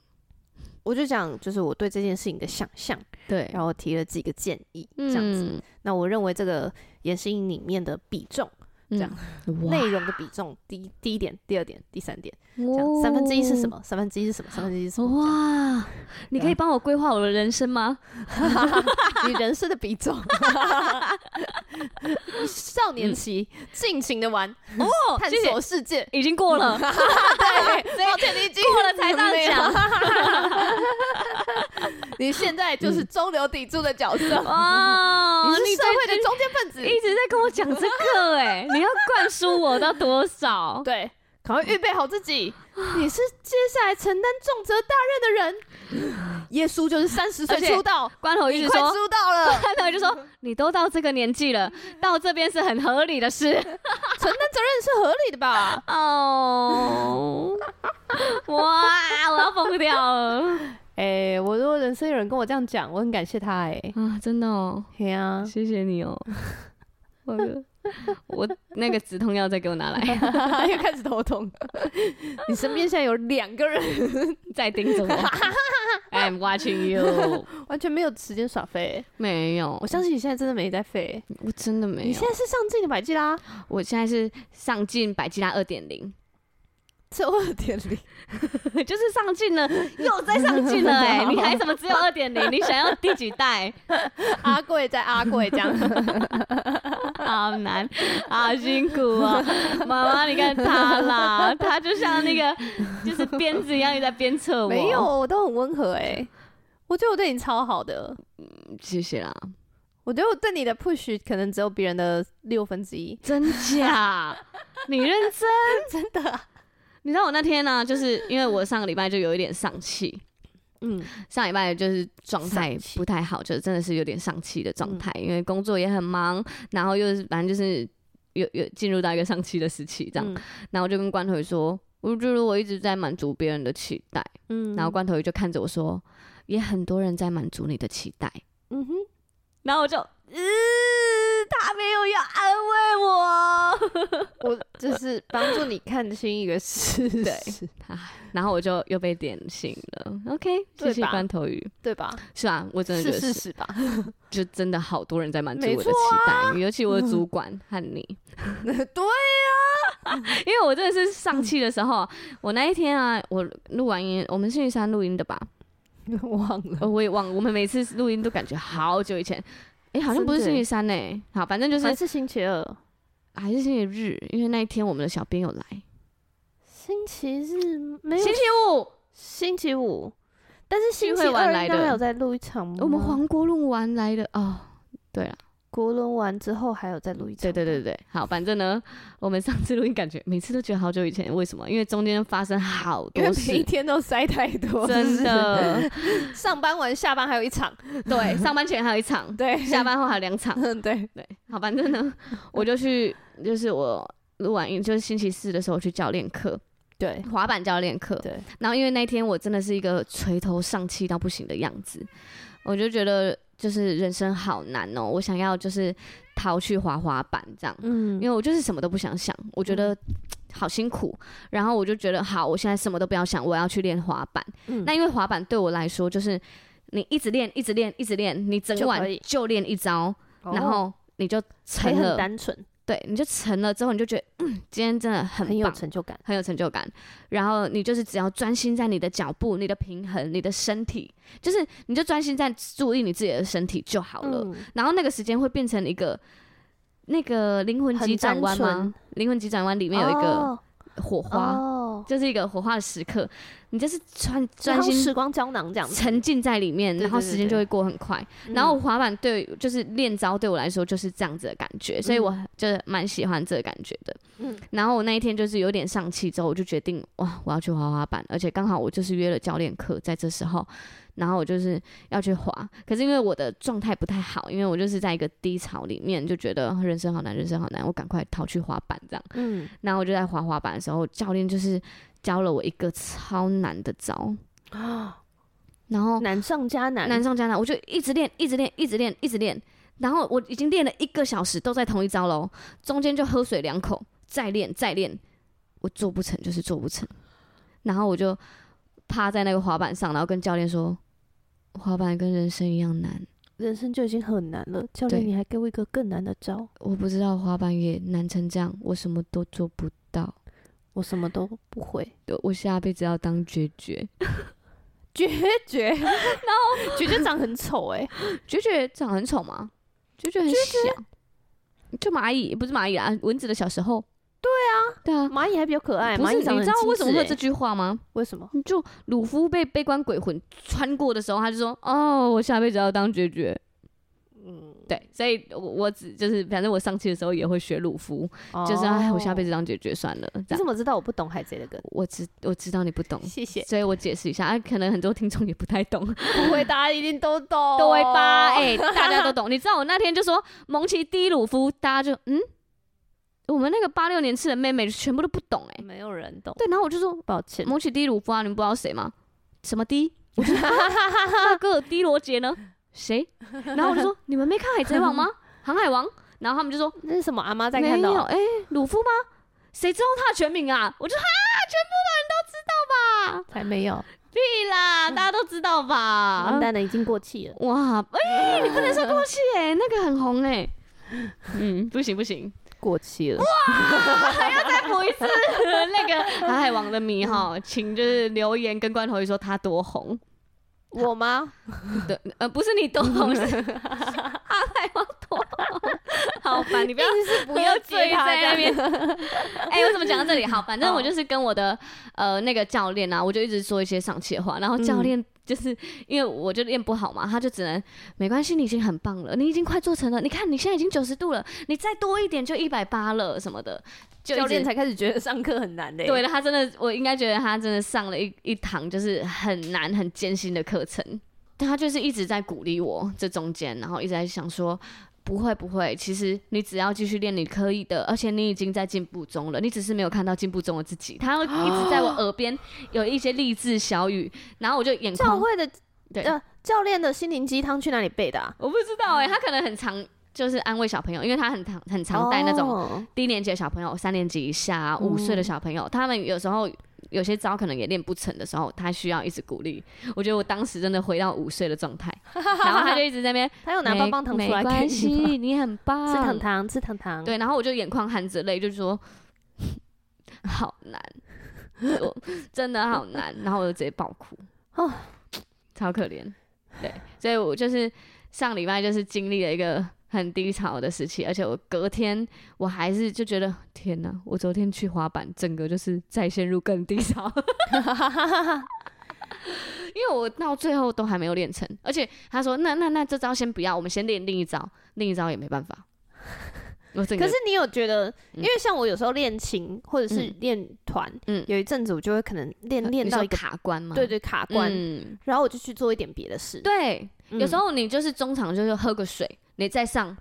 S1: 我就講就是我對這件事情的想象，對，然後提了幾個建議，嗯，這樣子，那我認為這個也是戲裡面的比重。內容的比重，第第一點，第二點，第三點，這樣、哦、三分之一是什麼？三分之一是什麼？三分之一是什麼？哇，你可以幫我規劃我的人生嗎？你 [laughs] 人生的比重， [laughs] 少年期盡、嗯、情的玩、哦，探索世界謝謝已經過了， [laughs] 對，所 [laughs] 以你已經過了財大， [laughs] [laughs] 你現在就是中流砥柱的角色啊、嗯哦，你是社會的中間分，分子，一直在跟我講這個哎、欸。你要灌輸我到多少？對，趕快預備好自己、啊。你是接下來承擔重責大任的人。啊、耶穌就是三十歲出道，關頭一直說出道了，關頭就說，說，說 [laughs] 你都到這個年紀了，到這邊是很合理的事， [laughs] 承擔責任是合理的吧？哦、oh，
S2: [laughs] 哇，我要瘋掉了！哎
S1: [laughs] 欸，我如果人生有人跟我這樣講，我很感謝他、欸。哎，啊，真的哦、喔，對啊，謝謝你哦、喔。 [laughs] 我的 [laughs] 我那個止痛藥再給我拿來， [laughs] 又開始頭痛。 [laughs] [laughs] 你身邊現在有兩個人 [laughs] 在盯着著我 [laughs] ，I'm watching you， [laughs] 完全沒有時間耍廢，沒有。我相信你現在真的沒在廢，我真的沒。你現在是上進的百吉拉，我現在是上進百吉拉二點零。測二的點零，就是上進了又再上進了，欸 [laughs] 啊、在上進了哎。你還怎麼只有二點零？你想要第幾代？阿貴在阿貴這樣，好 [laughs] 難、啊，好辛苦哦！媽媽，你看他啦，他就像那個就是鞭子一樣，你在鞭策我。沒有，我都很溫和哎、欸。我覺得我對你超好的，嗯，謝謝啦。我覺得我對你的 push 可能只有別人的六分之一，真假？ [laughs] 你認真， [laughs] 真的。你知道我那天呢、啊，就是因為我上個禮拜就有一點喪氣， [laughs] 嗯，上禮拜就是狀態不太好，就真的是有點喪氣的狀態、嗯，因為工作也很忙，然後又是反正就是有有進入到一個喪氣的時期這樣，嗯、然後我就跟罐頭說，我覺得我一直在滿足別人的期待，嗯，然後罐頭就看着我說，也很多人在滿足你的期待，嗯哼，然後我就，嗯、呃。他沒有要安慰我， [laughs] 我就是幫助你看清一個事實。 [laughs] 是他，然後我就又被點醒了，是是 okay？OK，謝謝關頭魚，對吧？是啊，我真的覺得是，是，是，是吧？就真的好多人在滿足我的期待，啊，尤其我的主管和你。嗯， [laughs] 對呀，啊， [laughs] 因為我真的是上氣的時候，嗯，我那一天啊，我錄完音，我們星期三錄音的吧？忘了，哦，我也忘了。我們每次錄音都感覺好久以前。哎、欸，好像不是星期三呢、欸。好，反正就是還是星期二、啊，還是星期日，因為那一天我們的小編有來。星期日沒有？星期五，星期五。但是星期五應該有在錄一場嗎？哦。我們黃國論玩來的哦。對了。國倫完之後還有再錄一次，對對對對，好，反正呢，我們上次錄音感覺每次都覺得好久以前，為什麼？因為中間發生好多事，因為每一天都塞太多，真的。 [laughs] 上班完下班還有一場，對， [laughs] 上班前還有一場，對， [laughs] 下班後還有兩場， [laughs] 對對。好，反正呢，我就去，就是我錄完音，就是星期四的時候去教練課，對，滑板教練課，對。然後因為那天我真的是一個垂頭喪氣到不行的樣子，我就覺得。就是人生好難哦、喔，我想要就是逃去滑滑板這樣，嗯，因為我就是什麼都不想想，我覺得好辛苦，嗯、然後我就覺得好，我現在什麼都不要想，我要去練滑板、嗯。那因為滑板對我來說就是你一直練，一直練，一直練，你整晚就練一招，然後你就成了、哦、很單純。對，你就成了之後，你就覺得，嗯，今天真的很棒，很有成就感，很有成就感。然後你就是只要專心在你的腳步、你的平衡、你的身體，就是你就專心在注意你自己的身體就好了。嗯，然後那個時間會變成一個那個靈魂急轉彎嗎？靈魂急轉彎裡面有一個。哦火花、哦，就是一個火花的時刻。你就是穿專心時光膠囊這樣沉浸在裡面，然後時間就會過很快。然後滑板對，就是練招對我來說就是這樣子的感覺，嗯、所以我就蠻喜歡這個感覺的。嗯，然後我那一天就是有點喪氣之後，我就決定、嗯、哇，我要去滑滑板，而且剛好我就是約了教練課，在這時候。然後我就是要去滑，可是因為我的狀態不太好，因為我就是在一個低潮裡面，就覺得人生好難，人生好難，我趕快逃去滑板這樣。嗯，然後我就在滑滑板的時候，教練就是教了我一個超難的招啊，哦，然後難上加難，難上加難，我就一直練，一直練，一直練，一直練，然後我已經練了一個小時都在同一招咯，中間就喝水兩口，再練，再練，我做不成就是做不成，然後我就趴在那個滑板上，然後跟教練說。滑板跟人生一樣難，人生就已經很難了。教練，你還給我一個更難的招？我不知道滑板也難成這樣，我什麼都做不到，我什麼都不會。對，我下輩子要當絕絕， [laughs] 絕絕。然後絕絕長很醜誒，絕絕長很醜、欸、嗎？絕絕很小絕絕，就螞蟻，不是螞蟻啊，蚊子的小時候。對啊，螞蟻還比較可愛。螞蟻、欸，你知道為什麼說這句話嗎？為什麼？你就魯夫被被關鬼魂穿過的時候，他就說：“哦，我下輩子要當決絕。”嗯，對，所以我，我我只就是，反正我上期的時候也會學魯夫、哦，就是，哎，我下輩子當決絕算了、哦是啊。你怎麼知道我不懂海賊的梗？我知我知道你不懂，謝謝。所以我解釋一下哎、啊，可能很多聽眾也不太懂。 [laughs] 不會，大家一定都懂，對吧？哎、 [laughs] 欸，大家都懂。你知道我那天就說蒙奇迪魯夫，大家就嗯。我們那個八六年次的妹妹全部都不懂哎、欸，沒有人懂。對，然後我就說抱歉，蒙奇 ·D· 魯夫啊，你們不知道誰嗎？什麼、D? 我就哈哈哈哈哈。那個 D· 羅傑呢？誰？然後我就說 [laughs] 你們沒看海賊王嗎、嗯？航海王？然後他們就說那是什麼？阿媽在看到。」哎、欸，魯夫嗎？誰知道他的全名啊？我就說：「啊，全部的人都知道吧？才沒有，屁啦，大家都知道吧？嗯、完蛋了，已經過氣了。哇，哎、欸，你不能說過氣哎、欸，那個很紅哎、欸。 [laughs] 嗯，不行不行。過期了，哇！還要再補一次 [laughs] [laughs] 那個航海王的迷，哈，請就是留言跟關頭魚說他多紅。我嗎？ [laughs] 對，呃，不是你多紅，嗯、是航海王多紅，好吧，你不要是不要接他那邊。哎， [laughs] [laughs] [laughs] [laughs] [laughs] 為、欸、什麼講到這裡？好，反正我就是跟我的呃那個教練啊，我就一直說一些喪氣的話，然後教練、嗯。就是因為我就練不好嘛，他就只能，沒關係，你已經很棒了，你已經快做成了。你看，你現在已經九十度了，你再多一點就一百八了，什麼的。就教練才開始覺得上課很難的、欸，對了，他真的，我應該覺得他真的上了一一堂就是很難很艱辛的課程。他就是一直在鼓勵我這中間，然後一直在想說。不會不會，其實你只要繼續練，你可以的。而且你已經在進步中了，你只是沒有看到進步中的自己。他會一直在我耳邊有一些勵志小語、哦，然後我就眼。眶。教會的對、呃、教練的心靈雞湯去哪裡背的、啊？我不知道誒、欸。他可能很常就是安慰小朋友，因為他很常很常帶那種低年級的小朋友，三、哦、年級以下、啊、五歲的小朋友，嗯、他們有時候。有些招可能也練不成的時候，他需要一直鼓勵。我覺得我當時真的回到五歲的狀態， [laughs] 然後他就一直在那邊， [laughs] 他又拿棒棒糖出來， [laughs] 沒關係，你很棒，吃糖糖，吃糖糖。對，然後我就眼眶含着淚，就說好難，我真的好難。 [laughs] 然後我就直接爆哭，啊， [laughs] 超可憐。對，所以我就是上禮拜就是經歷了一個。很低潮的時期，而且我隔天我還是就覺得天哪！我昨天去滑板，整個就是再陷入更低潮， [laughs] [laughs] 因為我到最後都還沒有練成。而且他說：“那那那，那這招先不要，我們先練另一招，另一招也沒辦法。”可是你有覺得、嗯，因為像我有時候練琴或者是練團、嗯嗯，有一陣子我就會可能練練到卡關嘛，對對，對卡關、嗯，然後我就去做一點別的事。對、嗯，有時候你就是中場就就喝個水，你再上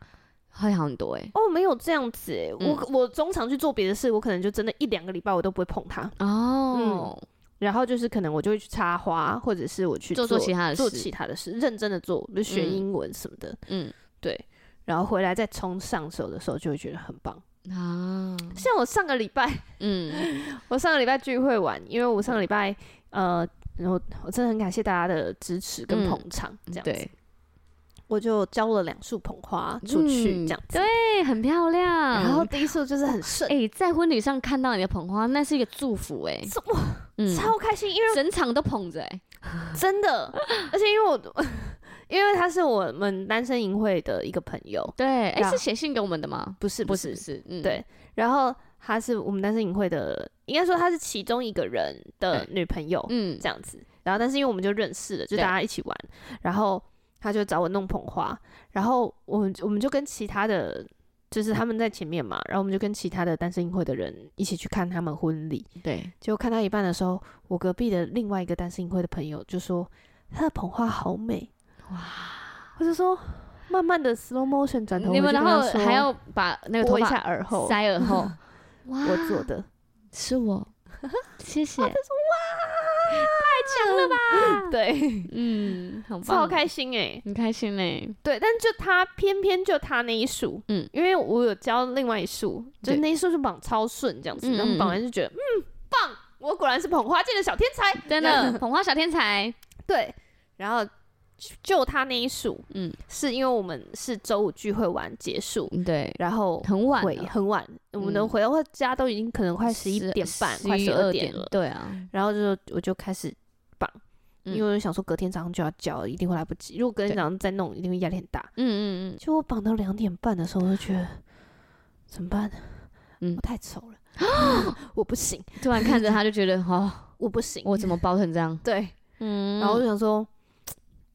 S1: 會好很多誒、欸，哦，沒有這樣子、欸嗯，我我中場去做別的事，我可能就真的一兩個禮拜我都不會碰它。哦、嗯。然後就是可能我就會去插花，或者是我去做，做，做其他的事，做其他的事，認真的做，就學英文什麼的。嗯，嗯對。然後回來再衝上手的時候，就會覺得很棒啊！像我上個禮拜，嗯， [laughs] 我上個禮拜聚會完，因為我上個禮拜呃，然後我真的很感謝大家的支持跟捧場，嗯、這樣子對，我就交了兩束捧花出去，嗯、這樣子對，很漂亮。然後第一束就是很順誒、嗯欸，在婚禮上看到你的捧花，那是一個祝福誒、欸嗯，超開心，因為我整場都捧着、欸， [laughs] 真的，而且因為我。 [laughs] 因為他是我們單身營會的一個朋友，對，欸、是寫信給我們的嗎？不是，不是，不是，不是，是、嗯，對。然後他是我們單身營會的，應該說他是其中一個人的女朋友，嗯，這樣子。然後，但是因為我們就認識了，就大家一起玩。然後他就找我弄捧花，然後我們我們就跟其他的，就是他們在前面嘛，然後我們就跟其他的單身營會的人一起去看他們婚禮。對，就看到一半的時候，我隔壁的另外一個單身營會的朋友就說：“他的捧花好美。”哇！我就說，慢慢的 slow motion 轉頭，你們然後還要把那個頭一下耳後，塞耳後。我做的，是我， [laughs] 謝謝。他說：哇，太強了吧、嗯？對，嗯，很棒，好開心誒、欸，很開心哎、欸。對，但就他偏偏就他那一束，嗯，因為我有教另外一束、嗯，就是、那一束是綁超順這樣子，嗯、然後綁完就覺得嗯，嗯，棒，我果然是捧花界的小天才，真的 [laughs] 捧花小天才。對，然後。就他那一宿，嗯，是因為我們是周五聚會完結束，對，然後回很，晚很晚，很、嗯、晚，我們能回到家都已經可能快十一點半、快十二點了，對啊。然後就我就開始綁、嗯，因為我想說隔天早上就要交，一定會來不及。如果隔天早上再弄，一定會壓力很大。嗯嗯嗯。就我綁到兩點半的時候，我就覺得、嗯、怎麼辦呢？嗯，我太醜了，我不行。突然看着他，就覺得 [laughs] 哦，我不行，我怎麼包成這樣？對，嗯。然後我就想說。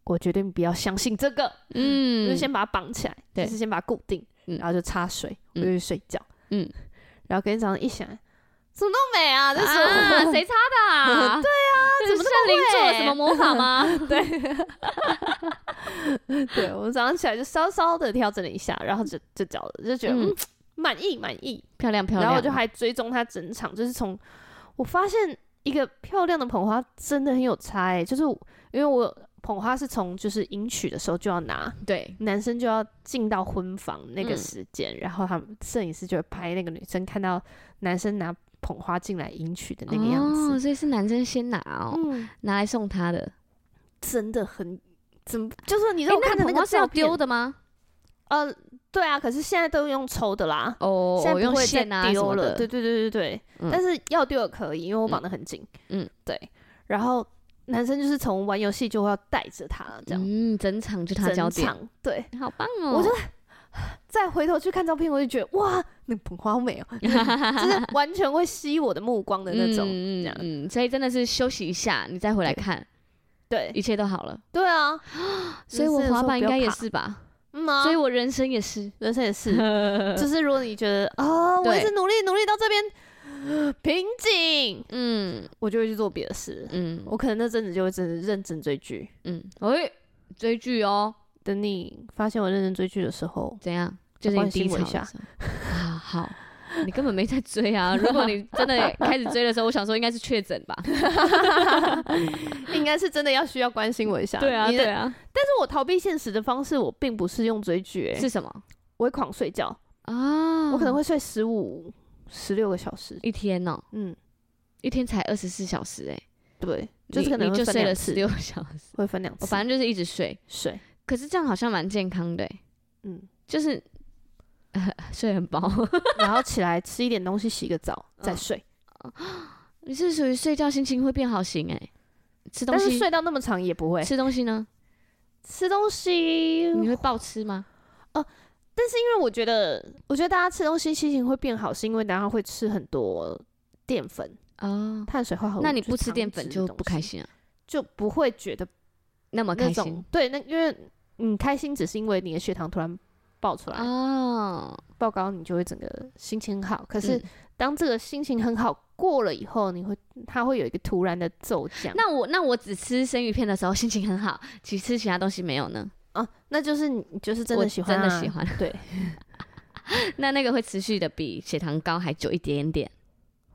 S1: 我決定不要相信這個，嗯，就是、先把它綁起來，對，就是先把它固定，嗯、然後就插水，嗯、我就去睡覺，嗯，嗯然後隔天早上一醒來、啊啊啊 [laughs] [laughs] 啊，怎麼那麼美啊？這是誰插的？對啊，森林做了什麼魔法嗎？ [laughs] [laughs] 對， [laughs] [laughs] 對我早上起來就稍稍的調整了一下，然後就就覺就覺得滿、嗯、意，滿意，漂亮漂亮。然後我就還追蹤他整場，就是從我發現一個漂亮的捧花真的很有差誒、欸，就是因為我。捧花是從就是迎娶的時候就要拿，對，男生就要進到婚房那個時間、嗯，然後他們攝影師就會拍那個女生看到男生拿捧花進來迎娶的那個樣子。哦，所以是男生先拿哦，嗯、拿來送她的，真的很，怎麼就是你都看着人家是要丟的嗎？呃，對啊，可是現在都用抽的啦，哦，現在不會再丟了、啊，對對對對對、嗯。但是要丟也可以，因為我綁得很緊。嗯，對，然後。男生就是從玩遊戲就會要帶着他這樣，嗯，整場就他的焦點場，對，好棒哦、喔！我覺得再回頭去看照片，我就覺得哇，那個捧花好美哦、喔，就 [laughs] 是完全會吸我的目光的那種這樣，嗯嗯，嗯。所以真的是休息一下，你再回來看，對，對一切都好了。對啊，所以我滑板應該也是吧？是嗯、啊、所以我人生也是，人生也是。 [laughs] 就是如果你覺得啊、哦，我一直努力努力到這邊瓶頸，嗯，我就會去做別的事，嗯，我可能那陣子就會真的認真追劇，嗯，我、欸、會追劇哦。等你發現我認真追劇的時候，怎樣？就是你提我，我一下 [laughs] 好。好，你根本沒在追啊！如果你真的開始追的時候， [laughs] 我想說應該是確診吧， [laughs] [laughs] 你應該是真的要需要關心我一下。對啊，對啊。但是我逃避現實的方式，我並不是用追劇、欸，是什麼？我會狂睡覺啊，我可能會睡十五。十六個小時一天呢、喔？嗯，一天才二十四小時哎、欸。對，就是可能就睡了十六個小時，會分兩次。反正就是一直睡睡。可是這樣好像蠻健康的、欸。嗯，就是、呃、睡很飽，然後起來吃一點東西，洗個澡 [laughs] 再睡。哦哦啊、你是屬於睡覺心情會變好型哎、欸？吃東西但是睡到那麼長也不會，也不會吃東西呢？吃東西你會暴吃嗎？哦。但是因為我覺得，我覺得大家吃東西心情會變好，是因為大家會吃很多澱粉啊，oh, 碳水化合物。那你不吃澱粉就,就不開心啊？就不會覺得那麼開心？對，那因為你、嗯、開心只是因為你的血糖突然爆出來啊，oh, 爆高你就會整個心情很好。可是當這個心情很好、嗯、過了以後，你會它會有一個突然的驟降。那我那我只吃生魚片的時候心情很好，其實吃其他東西沒有呢。啊，那就是你，就是真的喜歡、啊，真的喜歡，對。 [laughs] 那那個會持續的比血糖高還久一點點，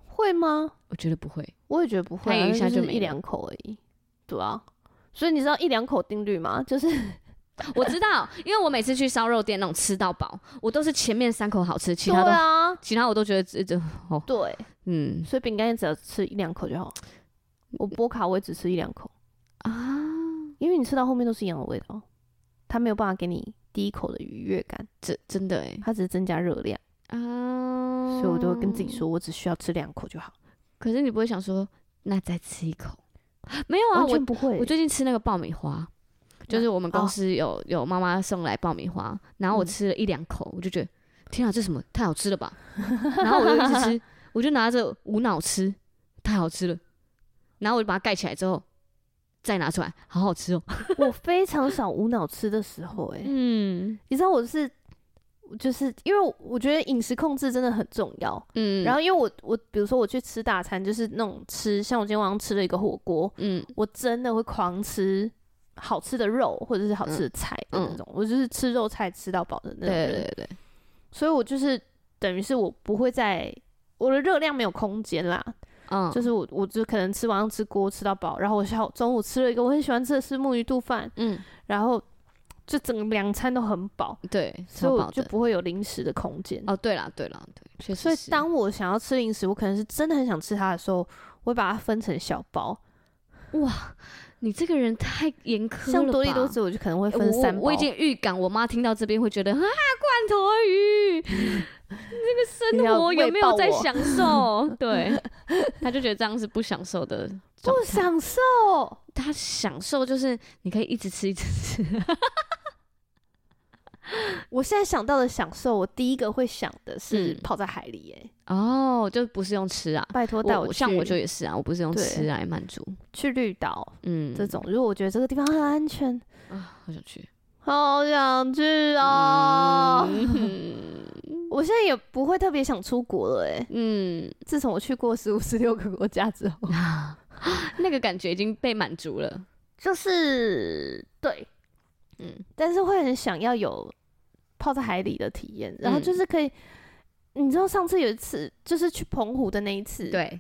S1: 會嗎？我覺得不會，我也覺得不會，一下就沒一兩口而已，對啊。所以你知道一兩口定律嗎？就是我知道， [laughs] 因為我每次去燒肉店那種吃到飽，我都是前面三口好吃，其他的、啊、其他我都覺得這這、呃喔、對，嗯。所以餅乾只要吃一兩口就好，嗯、我波卡我也只吃一兩口啊，因為你吃到後面都是一樣的味道。它沒有辦法給你第一口的愉悅感，這真的誒、欸，它只是增加熱量啊，um... 所以我都會跟自己說，我只需要吃兩口就好。可是你不會想說，那再吃一口？沒有啊，我就不會我。我最近吃那個爆米花，就是我們公司有、哦、有媽媽送來爆米花，然後我吃了一兩口，嗯、我就覺得天啊，這什麼太好吃了吧？ [laughs] 然後我就一直吃，我就拿着無腦吃，太好吃了。然後我就把它蓋起來之後。再拿出來，好好吃哦、喔！ [laughs] 我非常少無腦吃的時候、欸，誒，嗯，你知道我是我就是因為我覺得飲食控制真的很重要，嗯，然後因為我我比如說我去吃大餐，就是那種吃，像我今天晚上吃了一個火鍋，嗯，我真的會狂吃好吃的肉或者是好吃的菜的那種，嗯嗯、我就是吃肉菜吃到飽的那種，對對，對，對，所以我就是等於是我不會再我的熱量沒有空間啦。嗯，就是我，我就可能吃晚上吃鍋吃到飽，然後我下午中午吃了一個我很喜歡吃的是虱目魚肚飯，嗯，然後就整個兩餐都很飽，對，所以就不會有零食的空間。哦，對啦，對啦，對，確實，所以當我想要吃零食，我可能是真的很想吃它的時候，我會把它分成小包，哇。你這個人太嚴苛了。像多利多斯，我就可能會分三包。我已經預感，我媽聽到這邊會覺得啊，罐頭魚， [laughs] 這個生活有沒有在享受？ [laughs] 對，她 [laughs] 就覺得這樣是不享受的。不享受，她享受就是你可以一直吃，一直吃。 [laughs] 我現在想到的享受，我第一個會想的是泡在海裡，欸，哎、嗯、哦，oh, 就不是用吃啊，拜託帶我，我，我像我就也是啊，我不是用吃來滿足，去綠島，嗯，這種如果我覺得這個地方很安全，啊、嗯，好想去，好想去啊，喔！嗯， [laughs] 我現在也不會特別想出國了，欸，哎，嗯，自從我去過十五十六個國家之後， [laughs] [laughs] 那個感覺已經被滿足了，就是對，嗯，但是會很想要有。泡在海裡的體驗，然後就是可以、嗯，你知道上次有一次就是去澎湖的那一次，對，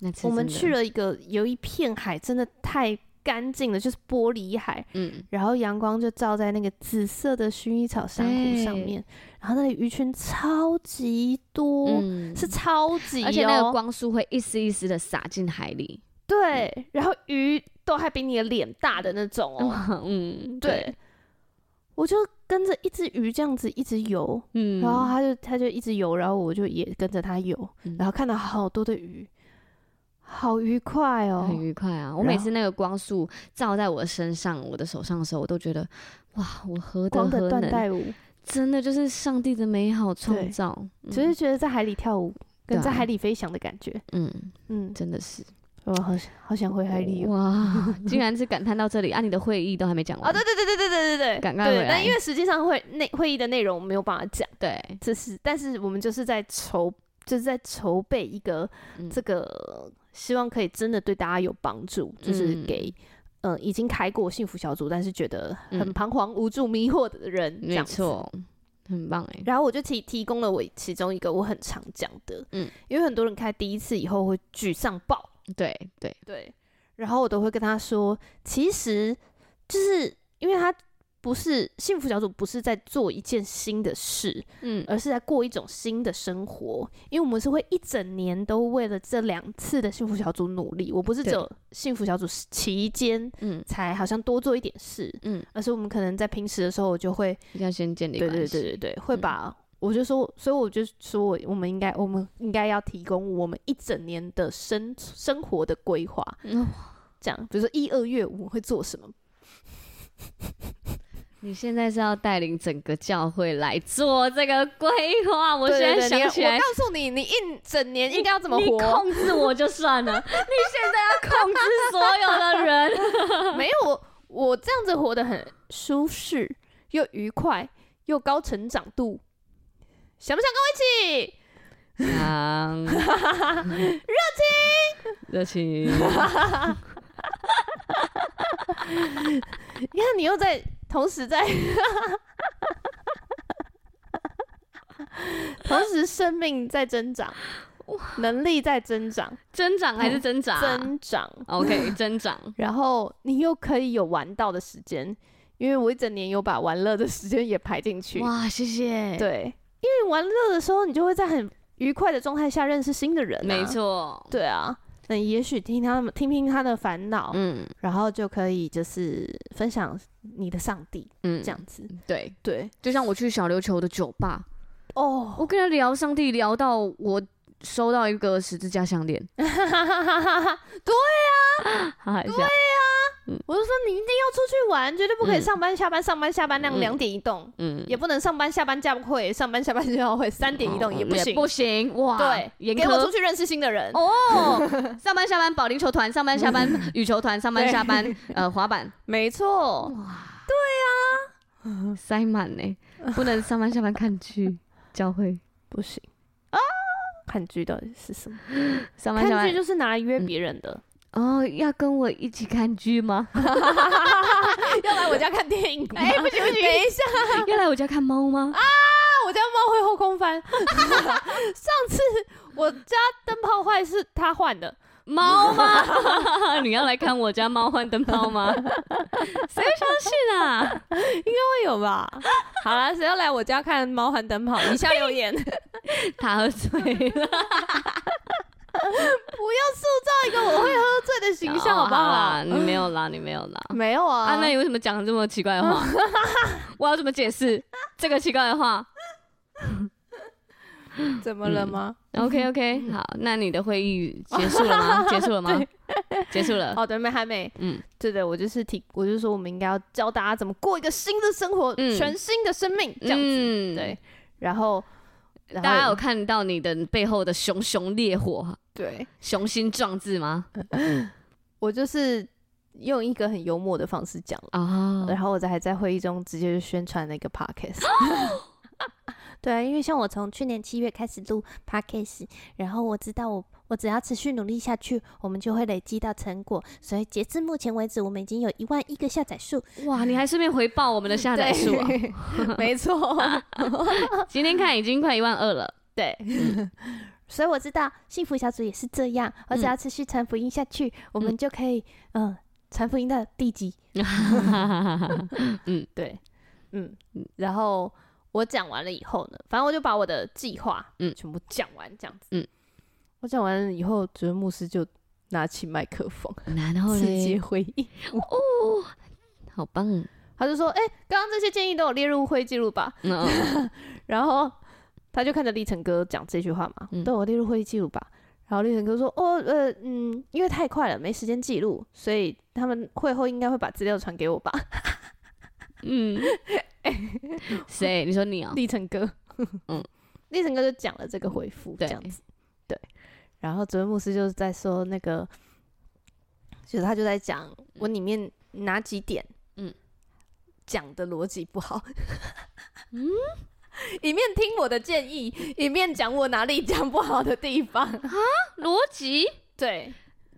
S1: 那次，我們去了一個有一片海，真的太乾淨了，就是玻璃海，嗯、然後陽光就照在那個紫色的薰衣草珊瑚上面，然後那裡魚群超級多，嗯、是超級、哦，而且那個光束會一絲一絲的灑進海裡，對，嗯、然後魚都還比你的臉大的那種哦，嗯，嗯對，我就。跟着一隻魚這樣子一直游，嗯，然後他就他就一直游，然後我就也跟着他游，嗯，然後看到好多的魚，好愉快哦，很愉快啊！我每次那個光束照在我的身上，我的手上的時候，我都覺得哇，我何德何能的，真的就是上帝的美好創造，只、嗯就是覺得在海裡跳舞跟在海裡飛翔的感覺，嗯嗯，真的是。我好想好想回海裡了哇！竟然是感嘆到這裡，阿 [laughs] 你、啊、的會議都還沒講完啊、哦！對對對對對對對對，對，但因為實際上會內會議的內容我沒有辦法講。對，這是但是我們就是在籌就是在籌備一個、嗯、這個希望可以真的對大家有幫助，就是給嗯、呃、已經開過幸福小組但是覺得很彷徨無助迷惑的人，嗯、沒錯，很棒誒。然後我就提提供了我其中一個我很常講的，嗯，因為很多人開第一次以後會沮喪爆。對對對，然後我都會跟他說，其實就是因為他不是幸福小組，不是在做一件新的事，嗯，而是在過一種新的生活。因為我們是會一整年都為了這兩次的幸福小組努力，我不是只有幸福小組期間，嗯，才好像多做一點事，嗯，而是我們可能在平時的時候，我就會這樣先建立關係，對對對對對，嗯、會把。我就說，所以我就說，我們應該，我們應該要提供我們一整年的生生活的規劃，嗯，這樣，比如說一、二月我們會做什麼？ [laughs] 你現在是要帶領整個教會來做，做這個規劃？我現在想起來，我告訴你，你一整年應該要怎麼活？你你控制我就算了， [laughs] 你現在要控制所有的人？ [laughs] 沒有，我我這樣子活得很舒適，又愉快，又高成長度。想不想跟我一起？想，熱 [laughs] 情，熱情。你看，你又在同時在， [laughs] 同時生命在增長，能力在增長，增長還是增長？哦、增長，OK，增長。 [laughs] 然後你又可以有玩到的時間，因為我一整年有把玩樂的時間也排進去。哇，謝謝。對。因為玩樂的時候，你就會在很愉快的狀態下認識新的人啊，沒錯，對啊，那也許聽他們聽聽他的煩惱，嗯，然後就可以就是分享你的上帝，嗯，這樣子，嗯、對對，就像我去小琉球的酒吧，哦，我跟他聊上帝，聊到我。收到一個十字架項鏈， [laughs] 對呀、啊， [laughs] 對呀、啊 [laughs] 啊，我就說你一定要出去玩、嗯，絕對不可以上班下班上班下班那樣兩點一動、嗯嗯，也不能上班下班教會上班下班教會三點一動、哦、也不行，不行哇，對，嚴格給我出去認識新的人哦 [laughs] 上班班，上班下班保齡球團， [laughs] 上班下班羽球團，上班下班呃滑板，沒錯，哇，對啊，塞滿呢， [laughs] 不能上班下班看劇 [laughs] 教會不行啊。看劇到底是什麼？上班上班看劇就是拿來約別人的、嗯、哦。要跟我一起看劇嗎？ [laughs] [laughs] 要來我家看電影？哎、欸，不行不行，等一下。要來我家看貓嗎？啊，我家貓會後空翻。 [laughs] 上次我家燈泡壞是他換的。貓嗎？ [laughs] [laughs] 你要來看我家貓換燈泡嗎？誰 [laughs] 會相信啊？ [laughs] 應該會有吧。 [laughs] 好啦，誰要來我家看貓換燈泡？你下留言， [laughs] 他喝醉了。 [laughs] [laughs] [laughs] 不要塑造一個我會喝醉的形象，好不好？ [laughs] 好啦，你沒有啦、嗯，你沒有啦，沒有啊。啊那你為什麼講這麼奇怪的話？ [laughs] 我要怎麼解釋這個奇怪的話？ [laughs] 怎麼了嗎？嗯、OK OK，嗯、好，那你的會議結束了嗎？ [laughs] 結束了嗎？結束了。 [laughs] 哦，對，沒，還沒。嗯，對的，我就是提，我就說我們應該要教大家怎麼過一個新的生活，嗯、全新的生命，這樣子。嗯、對。然後，然後，大家有看到你的背後的熊熊烈火？對，雄心壯志嗎、嗯？我就是用一個很幽默的方式講了啊、哦，然後我在還在會議中直接就宣傳那個 podcast、哦 [laughs] [laughs] 對啊，因為像我從去年七月開始錄 podcast，然後我知道我我只要持續努力下去，我們就會累積到成果。所以截至目前為止，我們已經有一萬一個下載數。哇！你還順便回報我們的下載數啊？呵呵沒錯， [laughs] [laughs] 今天看已經快一萬二了。對，嗯、所以我知道幸福小組也是這樣。我只要持續傳福音下去，嗯、我們就可以嗯，嗯傳福音到第幾。 [laughs] [laughs] 嗯，對，嗯，然後。我講完了以後呢，反正我就把我的計劃嗯全部講完這樣子嗯、嗯，我講完以後，主任牧師就拿起麥克風，然後直接回應哦，好棒！他就說：“誒、欸，剛剛這些建議都有列入會議記錄吧？” no. [laughs] 然後他就看着立成哥講這句話嘛，都有列入會議記錄吧、嗯？然後立成哥說：“哦，呃，嗯，因為太快了，沒時間記錄，所以他們會後應該會把資料傳給我吧。 [laughs] ”嗯，誰、欸？你說你啊、喔？立成哥呵呵，嗯，立成哥就講了這個回復這樣子，對。然後主任牧師就是在說那個，就是他就在講我裡面哪幾點，嗯，講的邏輯不好，嗯，一面聽我的建議，一面講我哪裡講不好的地方啊？邏輯對，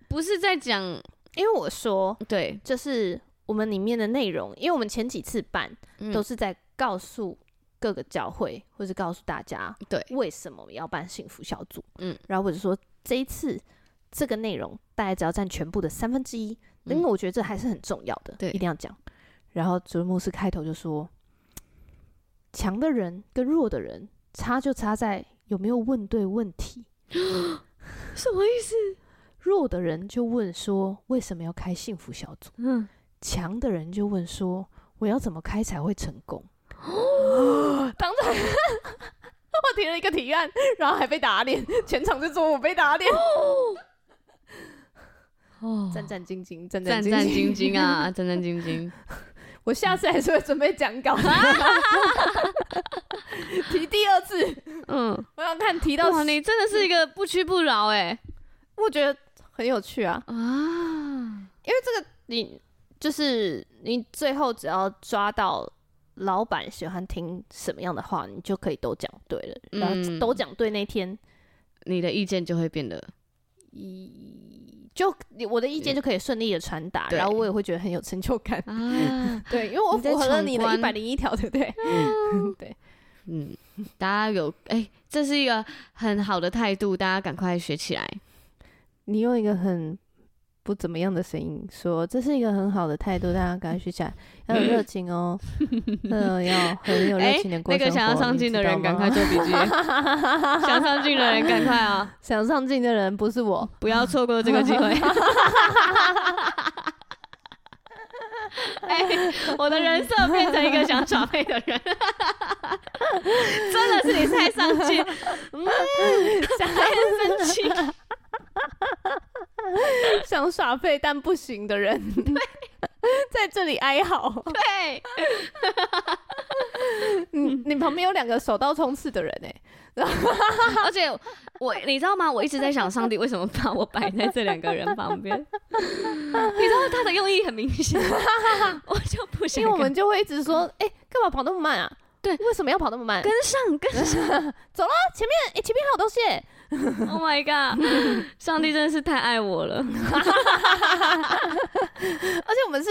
S1: 不是在講，因為我說對，就是。我們裡面的內容，因為我們前幾次辦、嗯、都是在告訴各個教會或者告訴大家，對，為什麼要辦幸福小組？嗯，然後或者說這一次這個內容大概只要占全部的三分之一，因為我覺得這還是很重要的，對，一定要講。然後主任牧師開頭就說：“強的人跟弱的人差就差在有沒有問對問題。”什麼意思？ [laughs] 弱的人就問說：“為什麼要開幸福小組？”嗯。強的人就問說：“我要怎麼開才會成功？”哦，當然，我提了一個提案，然後還被打臉，全場就說我被打臉。哦，戰戰兢兢，戰戰兢兢，戰戰兢兢啊， [laughs] 戰戰兢兢。我下次還是會準備講稿。 [laughs] [laughs] [laughs] 提第二次，嗯，我想看提到你真的是一個不屈不撓哎、嗯，我覺得很有趣啊啊，因為這個你。就是你最後只要抓到老闆喜歡聽什麼樣的話，你就可以都講對了、嗯。然後都講對那天，你的意見就會變得一就我的意見就可以順利的傳達，然後我也會覺得很有成就感、啊、 [laughs] 對，因為我符合了你的一百零一條，對不對？啊、 [laughs] 對，嗯，大家有哎、欸，這是一個很好的態度，大家趕快學起來。 [laughs] 你用一個很。不怎麼樣的聲音說，這是一個很好的態度，大家趕快學起來，要有熱情哦、喔嗯 [laughs] 呃。要很有熱情的過生活、欸、那個想要上進的， [laughs] 的、喔、的人，趕快做筆記；想上進的人，趕快啊！想上進的人不是我，不要錯過這個機會。哎、 [laughs] [laughs] 欸，我的人設變成一個想耍廢的人， [laughs] 真的是你太上進，想太生氣。小 [laughs] 想耍廢但不行的人， [laughs] 在這裡哀嚎。對， [laughs] 你你旁邊有兩個手刀衝刺的人哎， [laughs] [laughs] 而且我，我你知道嗎？我一直在想，上帝為什麼把我擺在這兩個人旁邊？ [laughs] 你知道他的用意很明顯。 [laughs] [laughs] 我就不行，因為我們就會一直說，哎、欸，幹嘛跑那麼慢啊？對，為什麼要跑那麼慢？跟上，跟上， [laughs] 走了，前面哎、欸，前面還有東西。Oh my god！、嗯、上帝真的是太愛我了，嗯、 [laughs] 而且我們是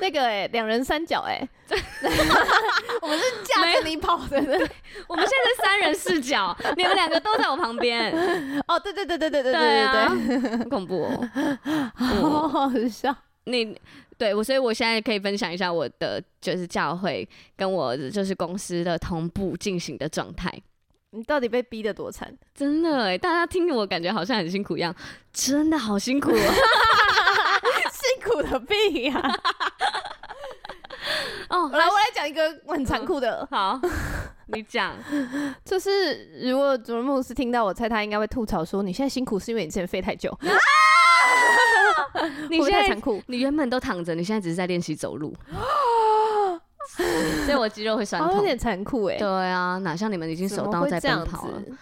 S1: 那個誒、欸，兩人三腳誒、欸，對 [laughs] [laughs] 我們是架跟你跑的，對，我們現在是三人四腳， [laughs] 你們兩個都在我旁邊，哦，對對對對對對、啊、對對，對,對很恐怖、哦，好好笑，你對我，所以我現在可以分享一下我的就是教會跟我就是公司的同步進行的狀態。你到底被逼得多慘？真的哎、欸，大家聽我，感覺好像很辛苦一樣，真的好辛苦，喔， [laughs] [laughs] [laughs] 辛苦的病啊！哦、 [laughs] oh，來，我來講一個很殘酷的。好， [laughs] 你講，就是如果主任牧師聽到我，猜他應該會吐槽說，你現在辛苦是因為你之前廢太久。 [laughs] [laughs] [laughs] 太 [laughs] 你現在殘酷，你原本都躺着，你現在只是在練習走路。所以我肌肉會酸痛，好有點殘酷哎、欸。對啊，哪像你們已經手刀在奔跑了這樣。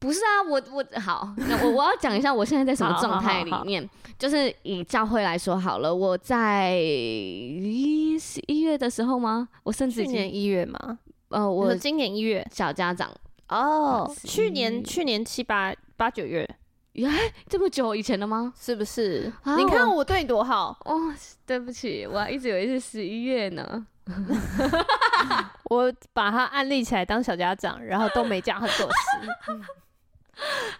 S1: 不是啊，我我好， [laughs] 我我要講一下我現在在什麼狀態裡面好好好好。就是以教會來說好了，我在一十一月的時候嗎？我甚至今年一月嗎？呃，我今年一月小家長哦，oh, 啊、11... 去年去年七八八九月，耶、欸，這麼久以前了嗎？是不是？啊、你看我對你多好哦！對不起，我一直以為是十一月呢。 [laughs] [laughs] 我把他按立起來當小家長，然後都沒叫他做事。 [laughs] 嗯、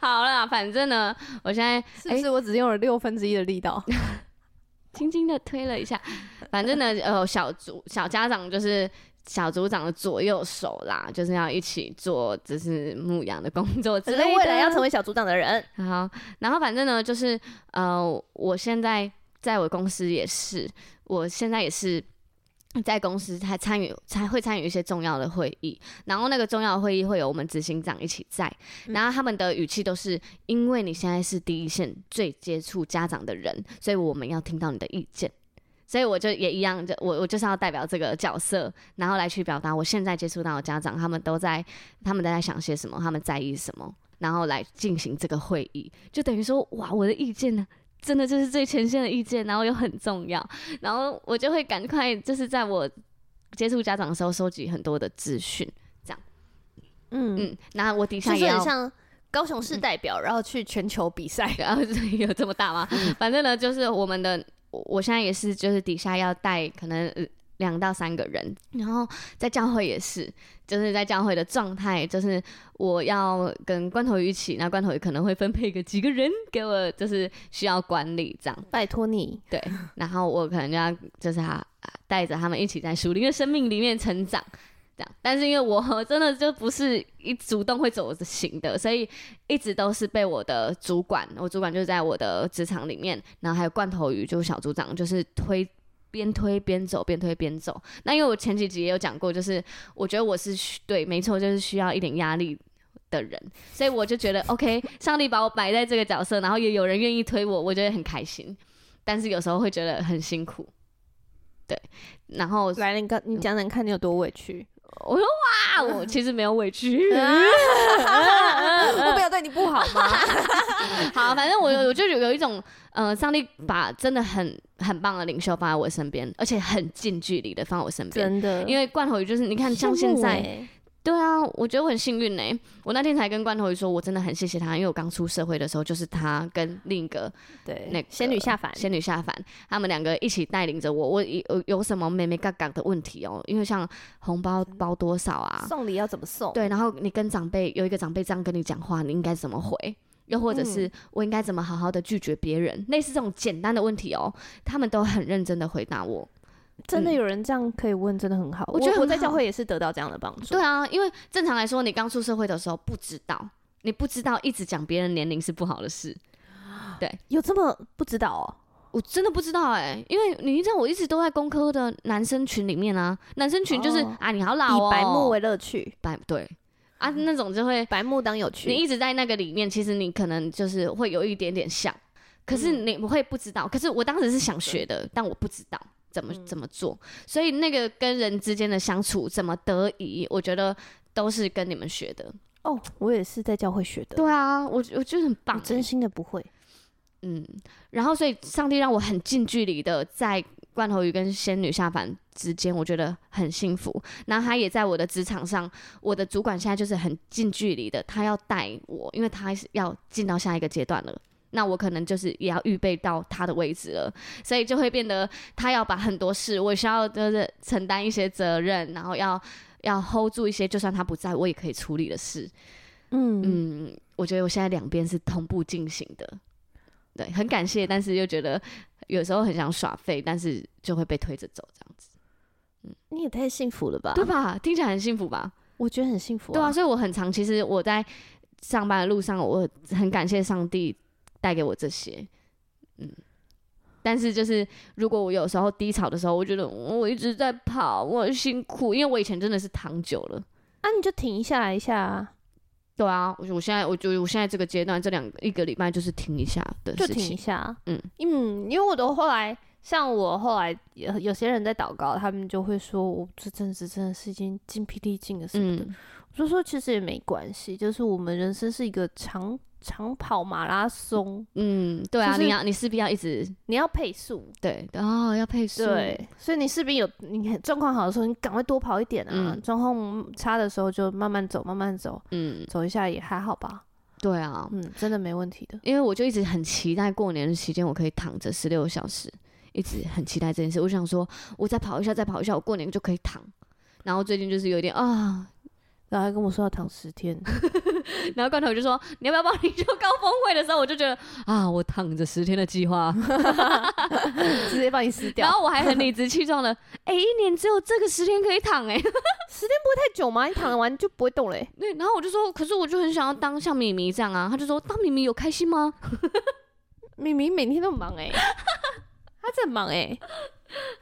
S1: 好了，反正呢，我現在是不是我只是用了六分之一的力道？欸、 [laughs] 輕輕的推了一下？ [laughs] 反正呢，呃，小組小家長就是小組長的左右手啦，就是要一起做，就是牧羊的工作。之類的。未來要成為小組長的人。好，然後反正呢，就是呃，我現在在我公司也是，我現在也是。在公司他參與，才會參與一些重要的會議，然後那個重要的會議會有我們執行長一起在，然後他們的語氣都是，因為你現在是第一線最接觸家長的人，所以我們要聽到你的意見，所以我就也一樣，就我我就是要代表這個角色，然後來去表達我現在接觸到的家長，他們都在，他們都在想些什麼，他們在意什麼，然後來進行這個會議，就等於說，哇，我的意見呢、啊？真的就是最前線的意見，然後又很重要，然後我就會趕快，就是在我接觸家長的時候，收集很多的資訊，這樣。嗯嗯，那我底下要，就是很像高雄市代表，嗯、然後去全球比賽、嗯，然後有這麼大嗎、嗯？反正呢，就是我們的，我現在也是，就是底下要帶可能。兩到三個人，然後在教會也是，就是在教會的狀態，就是我要跟罐頭魚一起，那罐頭魚可能會分配個幾個人給我，就是需要管理這樣，拜託你。對，然後我可能就要就是他帶着他們一起在樹林、生命裡面成長，這樣。但是因為我真的就不是一主動會走的行的，所以一直都是被我的主管，我主管就在我的職場裡面，然後還有罐頭魚就是小組長，就是推。邊推邊走，邊推邊走。那因為我前幾集也有講過，就是我覺得我是需對沒錯，就是需要一點壓力的人，所以我就覺得 [laughs] OK，上帝把我擺在這個角色，然後也有人願意推我，我覺得很開心。但是有時候會覺得很辛苦，對。然後來，你你講講看你有多委屈。我說，哇，我其實沒有委屈， [laughs] [laughs] 我沒有對你不好嗎？ [laughs] 好、啊，反正我我就有有一種，呃，上帝把真的很很棒的領袖放在我身邊，而且很近距離的放在我身邊，真的，因為罐頭魚就是你看像現在、欸。對啊，我覺得我很幸運呢、欸。我那天才跟關頭魚說，我真的很謝謝他，因為我剛出社會的時候，就是他跟另一個對那個、仙女下凡，仙女下凡，他們兩個一起帶領着我，我。我有有什麼咩咩嘎嘎的問題哦、喔？因為像紅包包多少啊，嗯、送禮要怎麼送？對，然後你跟長輩有一個長輩這樣跟你講話，你應該怎麼回？又或者是我應該怎麼好好的拒絕別人？類、嗯、似這種簡單的問題哦、喔，他們都很認真的回答我。真的有人這樣可以問，嗯、真的很好。我覺得我在教會也是得到這樣的幫助。對啊，因為正常來說，你剛出社會的時候不知道，你不知道一直講別人年齡是不好的事。對，有這麼不知道、喔？我真的不知道哎、欸，因為你知道我一直都在工科的男生群裡面啊，男生群就是、哦、啊你好老、喔、以白目為樂趣，白對啊那種就會、嗯、白目當有趣。你一直在那個裡面，其實你可能就是會有一點點像，可是你不會不知道、嗯。可是我當時是想學的，嗯、但我不知道。怎麼怎麼做？所以那個跟人之間的相處，怎麼得宜？我覺得都是跟你們學的。哦，我也是在教會學的。對啊，我我覺得很棒欸，真心的不會。嗯，然後所以上帝讓我很近距離的在罐頭魚跟仙女下凡之間，我覺得很幸福。然後他也在我的職場上，我的主管現在就是很近距離的，他要帶我，因為他是要進到下一個階段了。那我可能就是也要預備到他的位置了，所以就會變得他要把很多事，我需要就是承擔一些責任，然後要要 hold 住一些，就算他不在我也可以處理的事。嗯嗯，我覺得我現在兩邊是同步進行的，對，很感謝，但是又覺得有時候很想耍廢，但是就會被推着走這樣子。嗯，你也太幸福了吧？對吧？聽起來很幸福吧？我覺得很幸福啊。對啊，所以我很常其實我在上班的路上，我很感謝上帝。帶給我這些，嗯，但是就是如果我有時候低潮的時候，我覺得我一直在跑，我很辛苦，因為我以前真的是躺久了。那、啊、你就停一下來一下啊！對啊，我我現在我就我現在這個階段，這兩一個禮拜就是停一下的事情。就停一下，嗯，嗯，因為我都後來，像我後來有有些人在禱告，他們就會說我這陣子真的是已經精疲力盡的什麼的。嗯、我就說其實也沒關係，就是我們人生是一個長。長跑馬拉松，嗯，對啊，就是、你要你勢必要一直，你要配速，對，哦，要配速，對，所以你勢必有你狀況好的時候，你趕快多跑一點啊，狀、嗯、況差的時候就慢慢走，慢慢走，嗯，走一下也還好吧，對啊，嗯，真的沒問題的，因為我就一直很期待過年的期間我可以躺着十六小時，一直很期待這件事，我想說，我再跑一下，再跑一下，我過年就可以躺，然後最近就是有點啊。哦然後還跟我說要躺十天， [laughs] 然後罐頭我就說，你要不要幫你做高峰會的時候，我就覺得啊，我躺着十天的計劃， [laughs] [laughs] 直接幫你撕掉。然後我還很理直氣壯的，哎、 [laughs] 欸，一年只有這個十天可以躺，欸，哎， [laughs] 十天不會太久嗎？你躺着玩就不會動誒、欸，那然後我就說，可是我就很想要當像米米這樣啊，他就說，當米米有開心嗎？米 [laughs] 米每天都忙哎、欸，他 [laughs] 在忙哎、欸，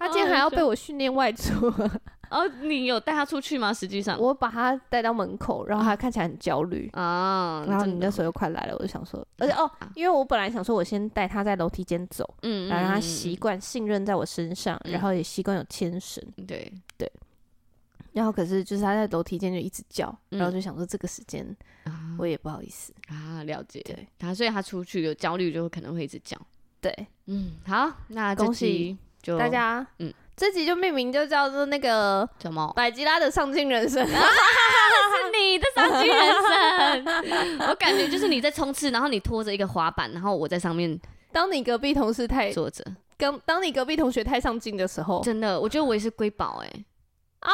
S1: 他今天還要被我訓練外出。 [laughs] 然、哦、後你有帶他出去嗎？實際上，我把他帶到門口，然後他看起來很焦慮啊、嗯。然後你那時候又快來了，我就想說，啊、而且、啊、哦、啊，因為我本來想說我先帶他在樓梯間走，嗯，然後讓他習慣信任在我身上，嗯、然後也習慣有牽繩。對、嗯、對。然後可是就是他在樓梯間就一直叫，然後就想說這個時間我也不好意思、嗯、啊。了解，對，他、啊、所以他出去有焦慮就可能會一直叫。對，對嗯，好，那就恭喜大家，嗯。這集就命名就叫做那個什麼百吉拉的上進人生、啊， [laughs] 是你的上進人生。 [laughs] [laughs] 我感覺就是你在衝刺，然後你拖着一個滑板，然後我在上面。當你隔壁同事太坐着，當當你隔壁同學太上進的時候，真的，我覺得我也是鮭寶哎。啊，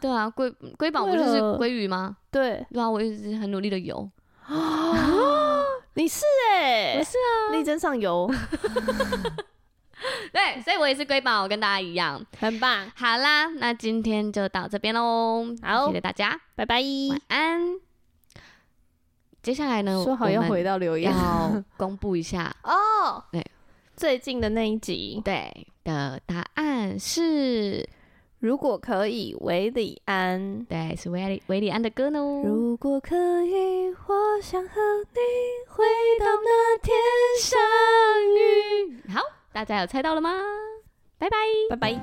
S1: 對啊，鮭鮭寶不就是鮭魚嗎？對，對啊，我一直很努力的游。啊，你是哎，我是啊，力爭上游。 [laughs] [laughs] 對，所以我也是鮭寶，我跟大家一樣，很棒。好啦，那今天就到這邊嘍。好，謝謝大家，拜拜，晚安。接下來呢，說好要回到留言，要公布一下 [laughs] 哦。對，最近的那一集對的答案是，如果可以，韋禮安，對，是韋禮安的歌呢哦。如果可以，我想和你回到那天相遇。好。大家有猜到了嗎？拜拜，拜拜。